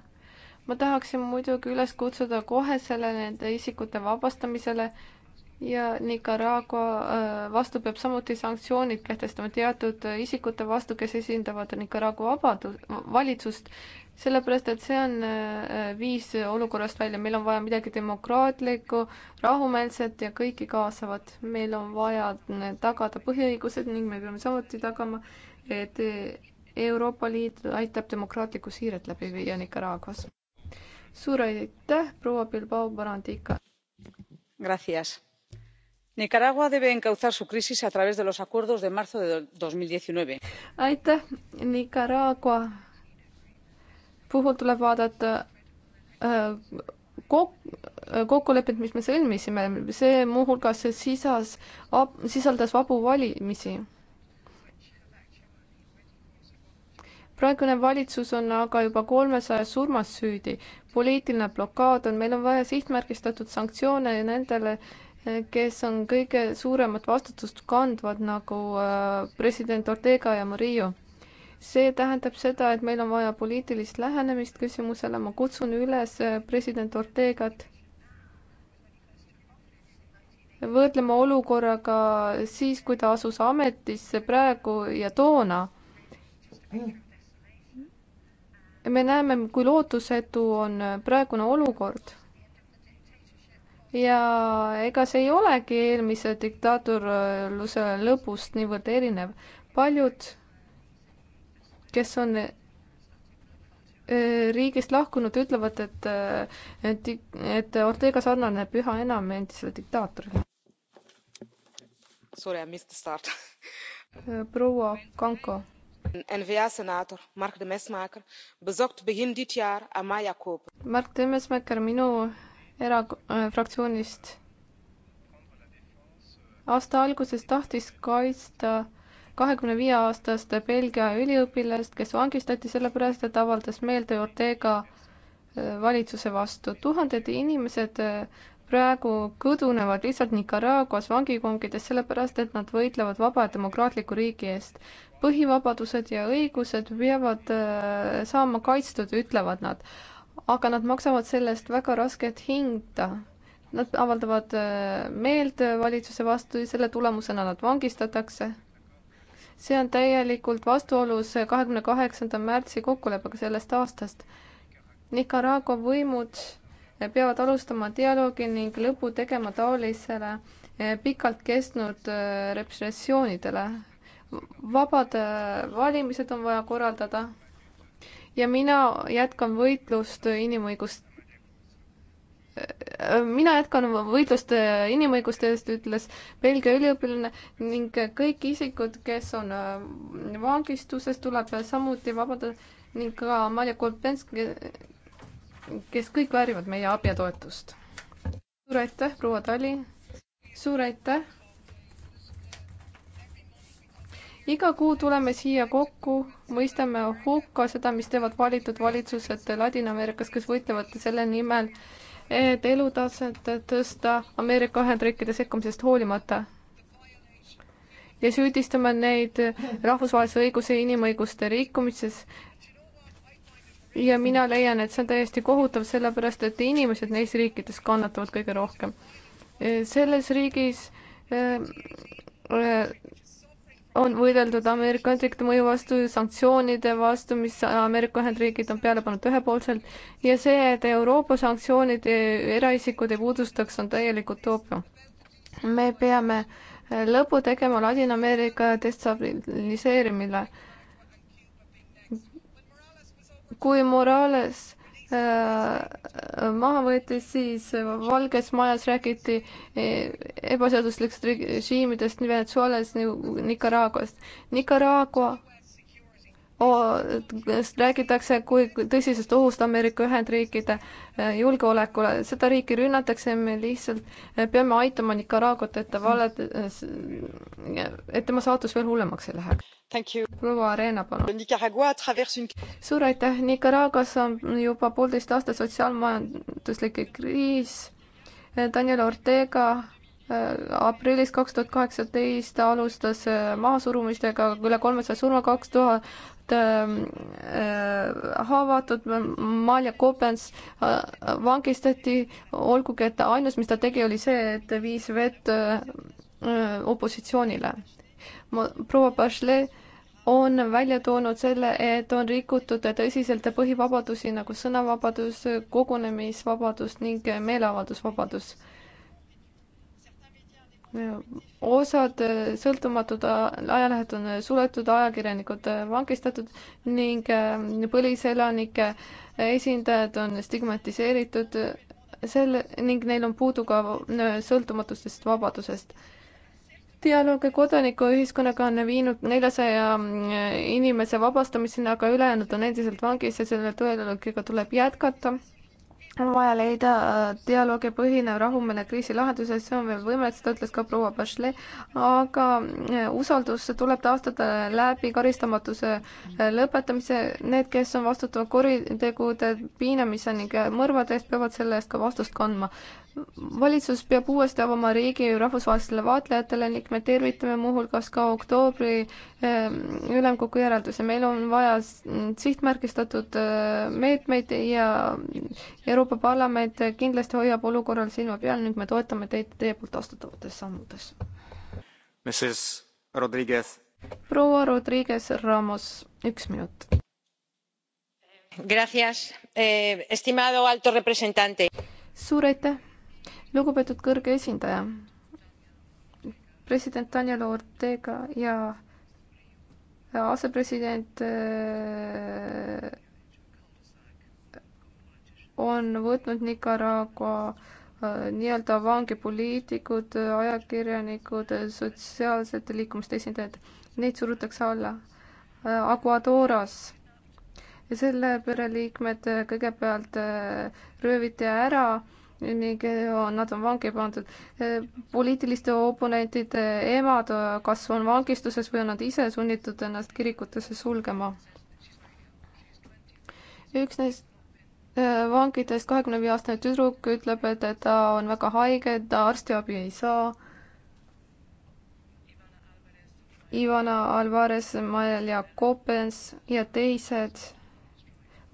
Speaker 3: ma tahaksin muidugi üles kutsuda kohe selle nende isikute vabastamisele ja Nicaragua äh, vastu peab samuti sanktsioonid kehtestama teatud äh, isikute vastu, kes esindavad Nicaragua vabadus, valitsust, sellepärast et see on äh, viis olukorrast välja, meil on vaja midagi demokraatlikku, rahumeelset ja kõiki kaasavat. meil on vaja tagada põhiõigused ning me peame samuti tagama, et Euroopa Liit aitab demokraatlikku siiret läbi viia Nicaraguas. suur aitäh, proua Bilbao Barandica! Gracias nicaragua debe encauzar su crisis a través de los acuerdos de marzo de 2019. aitäh, Nicaragua puhul tuleb vaadata äh, kok-, äh, kokkulepet, mis me sõlmisime, see muuhulgas sisas, sisaldas vabu valimisi. praegune valitsus on aga juba kolmesajas surmas süüdi. poliitiline blokaad on, meil on vaja sihtmärgistatud sanktsioone nendele äh, kes on kõige suuremat vastutust kandvad, nagu äh, president Ortega ja Murillo. see tähendab seda, et meil on vaja poliitilist lähenemist küsimusele, ma kutsun üles äh, president Ortegat võrdlema olukorraga siis, kui ta asus ametisse praegu ja toona. me näeme, kui lootusetu on praegune olukord ja ega see ei olegi eelmise diktaatorluse lõpust niivõrd erinev. paljud, kes on äh, riigist lahkunud, ütlevad, et, äh, et, et Ortega sarnaneb üha enam endisele diktaatorile. Sorry, I missed the start. proua Kanko. NVA senaator
Speaker 1: Mark Demesmaeker bezocht begin dit jaar Amaia Coop.
Speaker 3: Mark Demesmaeker, minu erak- äh,, fraktsioonist. aasta alguses tahtis kaitsta kahekümne viie aastast Belgia üliõpilast, kes vangistati sellepärast, et avaldas meelt Ortega äh, valitsuse vastu. tuhanded inimesed äh, praegu kõdunevad lihtsalt Nicaraguas vangikongides sellepärast, et nad võitlevad vaba ja demokraatliku riigi eest. põhivabadused ja õigused peavad äh, saama kaitstud, ütlevad nad aga nad maksavad selle eest väga rasket hinda. Nad avaldavad äh, meelt valitsuse vastu ja selle tulemusena nad vangistatakse. see on täielikult vastuolus kahekümne kaheksanda märtsi kokkuleppega sellest aastast. Nicaragua võimud äh, peavad alustama dialoogi ning lõpu tegema taolisele äh, pikalt kestnud repressioonidele. vabad valimised on vaja korraldada ja mina jätkan võitlust inimõigust mina jätkan võitlust inimõiguste eest, ütles Belgia üliõpilane ning kõik isikud, kes on äh, vangistuses, tuleb samuti vabandada ning ka Marja Kolpensk, kes kõik väärivad meie abi ja toetust. suur aitäh, proua Tali. suur aitäh iga kuu tuleme siia kokku, mõistame hukka seda, mis teevad valitud valitsused Ladina-Ameerikas, kes võitlevad selle nimel, et elutaset tõsta Ameerika Ühendriikide sekkumisest hoolimata. ja süüdistame neid rahvusvahelise õiguse ja inimõiguste rikkumises. ja mina leian, et see on täiesti kohutav, sellepärast et inimesed neis riikides kannatavad kõige rohkem. selles riigis äh, äh, on võideldud Ameerika Ühendriikide mõju vastu, sanktsioonide vastu, mis Ameerika Ühendriigid on peale pannud ühepoolselt ja see, et Euroopa sanktsioonid eraisikud ei puudustaks, on täielik utoopia. me peame lõpu tegema Ladina-Ameerika destabiliseerimine. kui Morales Äh, maha võeti, siis Valges Majas räägiti e, ebaseaduslikest režiimidest Venezuelas, Nicaraguast. Nicaragua räägitakse kui tõsisest ohust Ameerika Ühendriikide eh, julgeolekule, seda riiki rünnatakse, me lihtsalt eh, peame aitama Nicaraguat, et ta valed, eh, et tema saatus veel hullemaks ei läheks. proua Arena, palun. suur aitäh, Nicaraguas on juba poolteist aastat sotsiaalmajanduslik kriis. Daniel Ortega Äh, aprillis kaks tuhat kaheksateist alustas äh, mahasurumistega üle kolmesaja surma, kaks tuhat ähm, äh, haavatud, Malja Kopens vangistati, olgugi et ainus, mis ta tegi, oli see, et viis vett opositsioonile. proua Bachelet on välja toonud selle, et on rikutud tõsiselt põhivabadusi nagu sõnavabadus, kogunemisvabadus ning meeleavaldusvabadus osad sõltumatud ajalehed on suletud, ajakirjanikud vangistatud ning äh, põliselanike esindajad on stigmatiseeritud selle ning neil on puudu ka äh, sõltumatustest vabadusest. dialoog kodanikuühiskonnaga on viinud neljasaja äh, inimese vabastamiseni, aga ülejäänud on endiselt vangis ja selle dialoogiga tuleb jätkata on vaja leida äh, dialoogipõhine rahumeelne kriisilahendus ja see on veel võimalik, seda ütles ka proua Bachelet, aga äh, usaldus tuleb taastada läbi karistamatuse äh, lõpetamise. Need, kes on vastutavad kuritegude, piinamise ning mõrvade eest, peavad selle eest ka vastust kandma valitsus peab uuesti avama riigi rahvusvahelistele vaatlejatele ning me tervitame muuhulgas ka oktoobri ehm, ülemkogu järelduse. meil on vaja sihtmärgistatud ehm, meetmeid ja Euroopa Parlament kindlasti hoiab olukorral silma peal ning me toetame teid teie poolt astutavates sammudes. proua Rodriguez Ramos, üks minut.
Speaker 1: Gracias, eh, estimado alto representante.
Speaker 3: suur aitäh lugupeetud kõrge esindaja, president Daniel Ortega ja asepresident äh, on võtnud Nicaragua äh, nii-öelda vangi poliitikud, ajakirjanikud, sotsiaalsete liikumiste esindajad, neid surutakse alla. Äh, Aguadoras ja selle pereliikmed kõigepealt rööviti ära ning eh, nad on vangi pandud. Eh, poliitiliste oponentide emad eh, kas on vangistuses või on nad ise sunnitud ennast kirikutesse sulgema. üks neist vangidest, kahekümne viie aastane tüdruk, ütleb, et ta on väga haige, ta arstiabi ei saa. Ivana Alvarez, Malia Kopens ja teised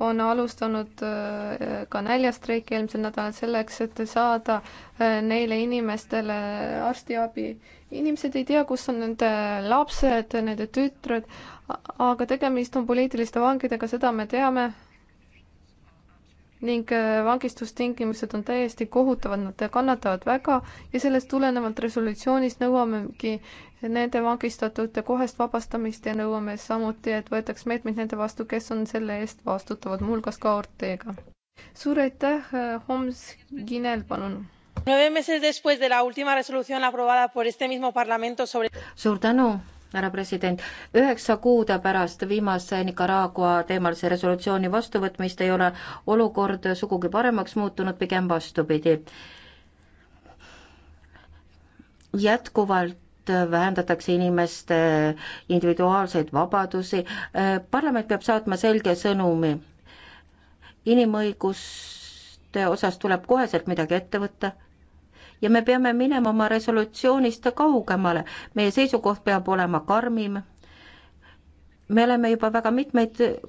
Speaker 3: on alustanud äh, ka näljastreiki eelmisel nädalal selleks, et saada äh, neile inimestele arstiabi. inimesed ei tea, kus on nende lapsed, nende tütred, aga tegemist on poliitiliste vangidega, seda me teame ning äh, vangistustingimused on täiesti kohutavad, nad kannatavad väga ja sellest tulenevalt resolutsioonist nõuamegi nende vangistatute kohest vabastamist ja nõuame samuti, et võetaks meetmeid nende vastu, kes on selle eest vastutavad, muuhulgas ka Ortega. suur aitäh, äh, Homs Ginel, palun.
Speaker 2: suur tänu härra president, üheksa kuud pärast viimase Nicaragua teemalise resolutsiooni vastuvõtmist ei ole olukord sugugi paremaks muutunud, pigem vastupidi. jätkuvalt vähendatakse inimeste individuaalseid vabadusi, parlament peab saatma selge sõnumi, inimõiguste osas tuleb koheselt midagi ette võtta ja me peame minema oma resolutsioonist kaugemale. meie seisukoht peab olema karmim. me oleme juba väga mitmeid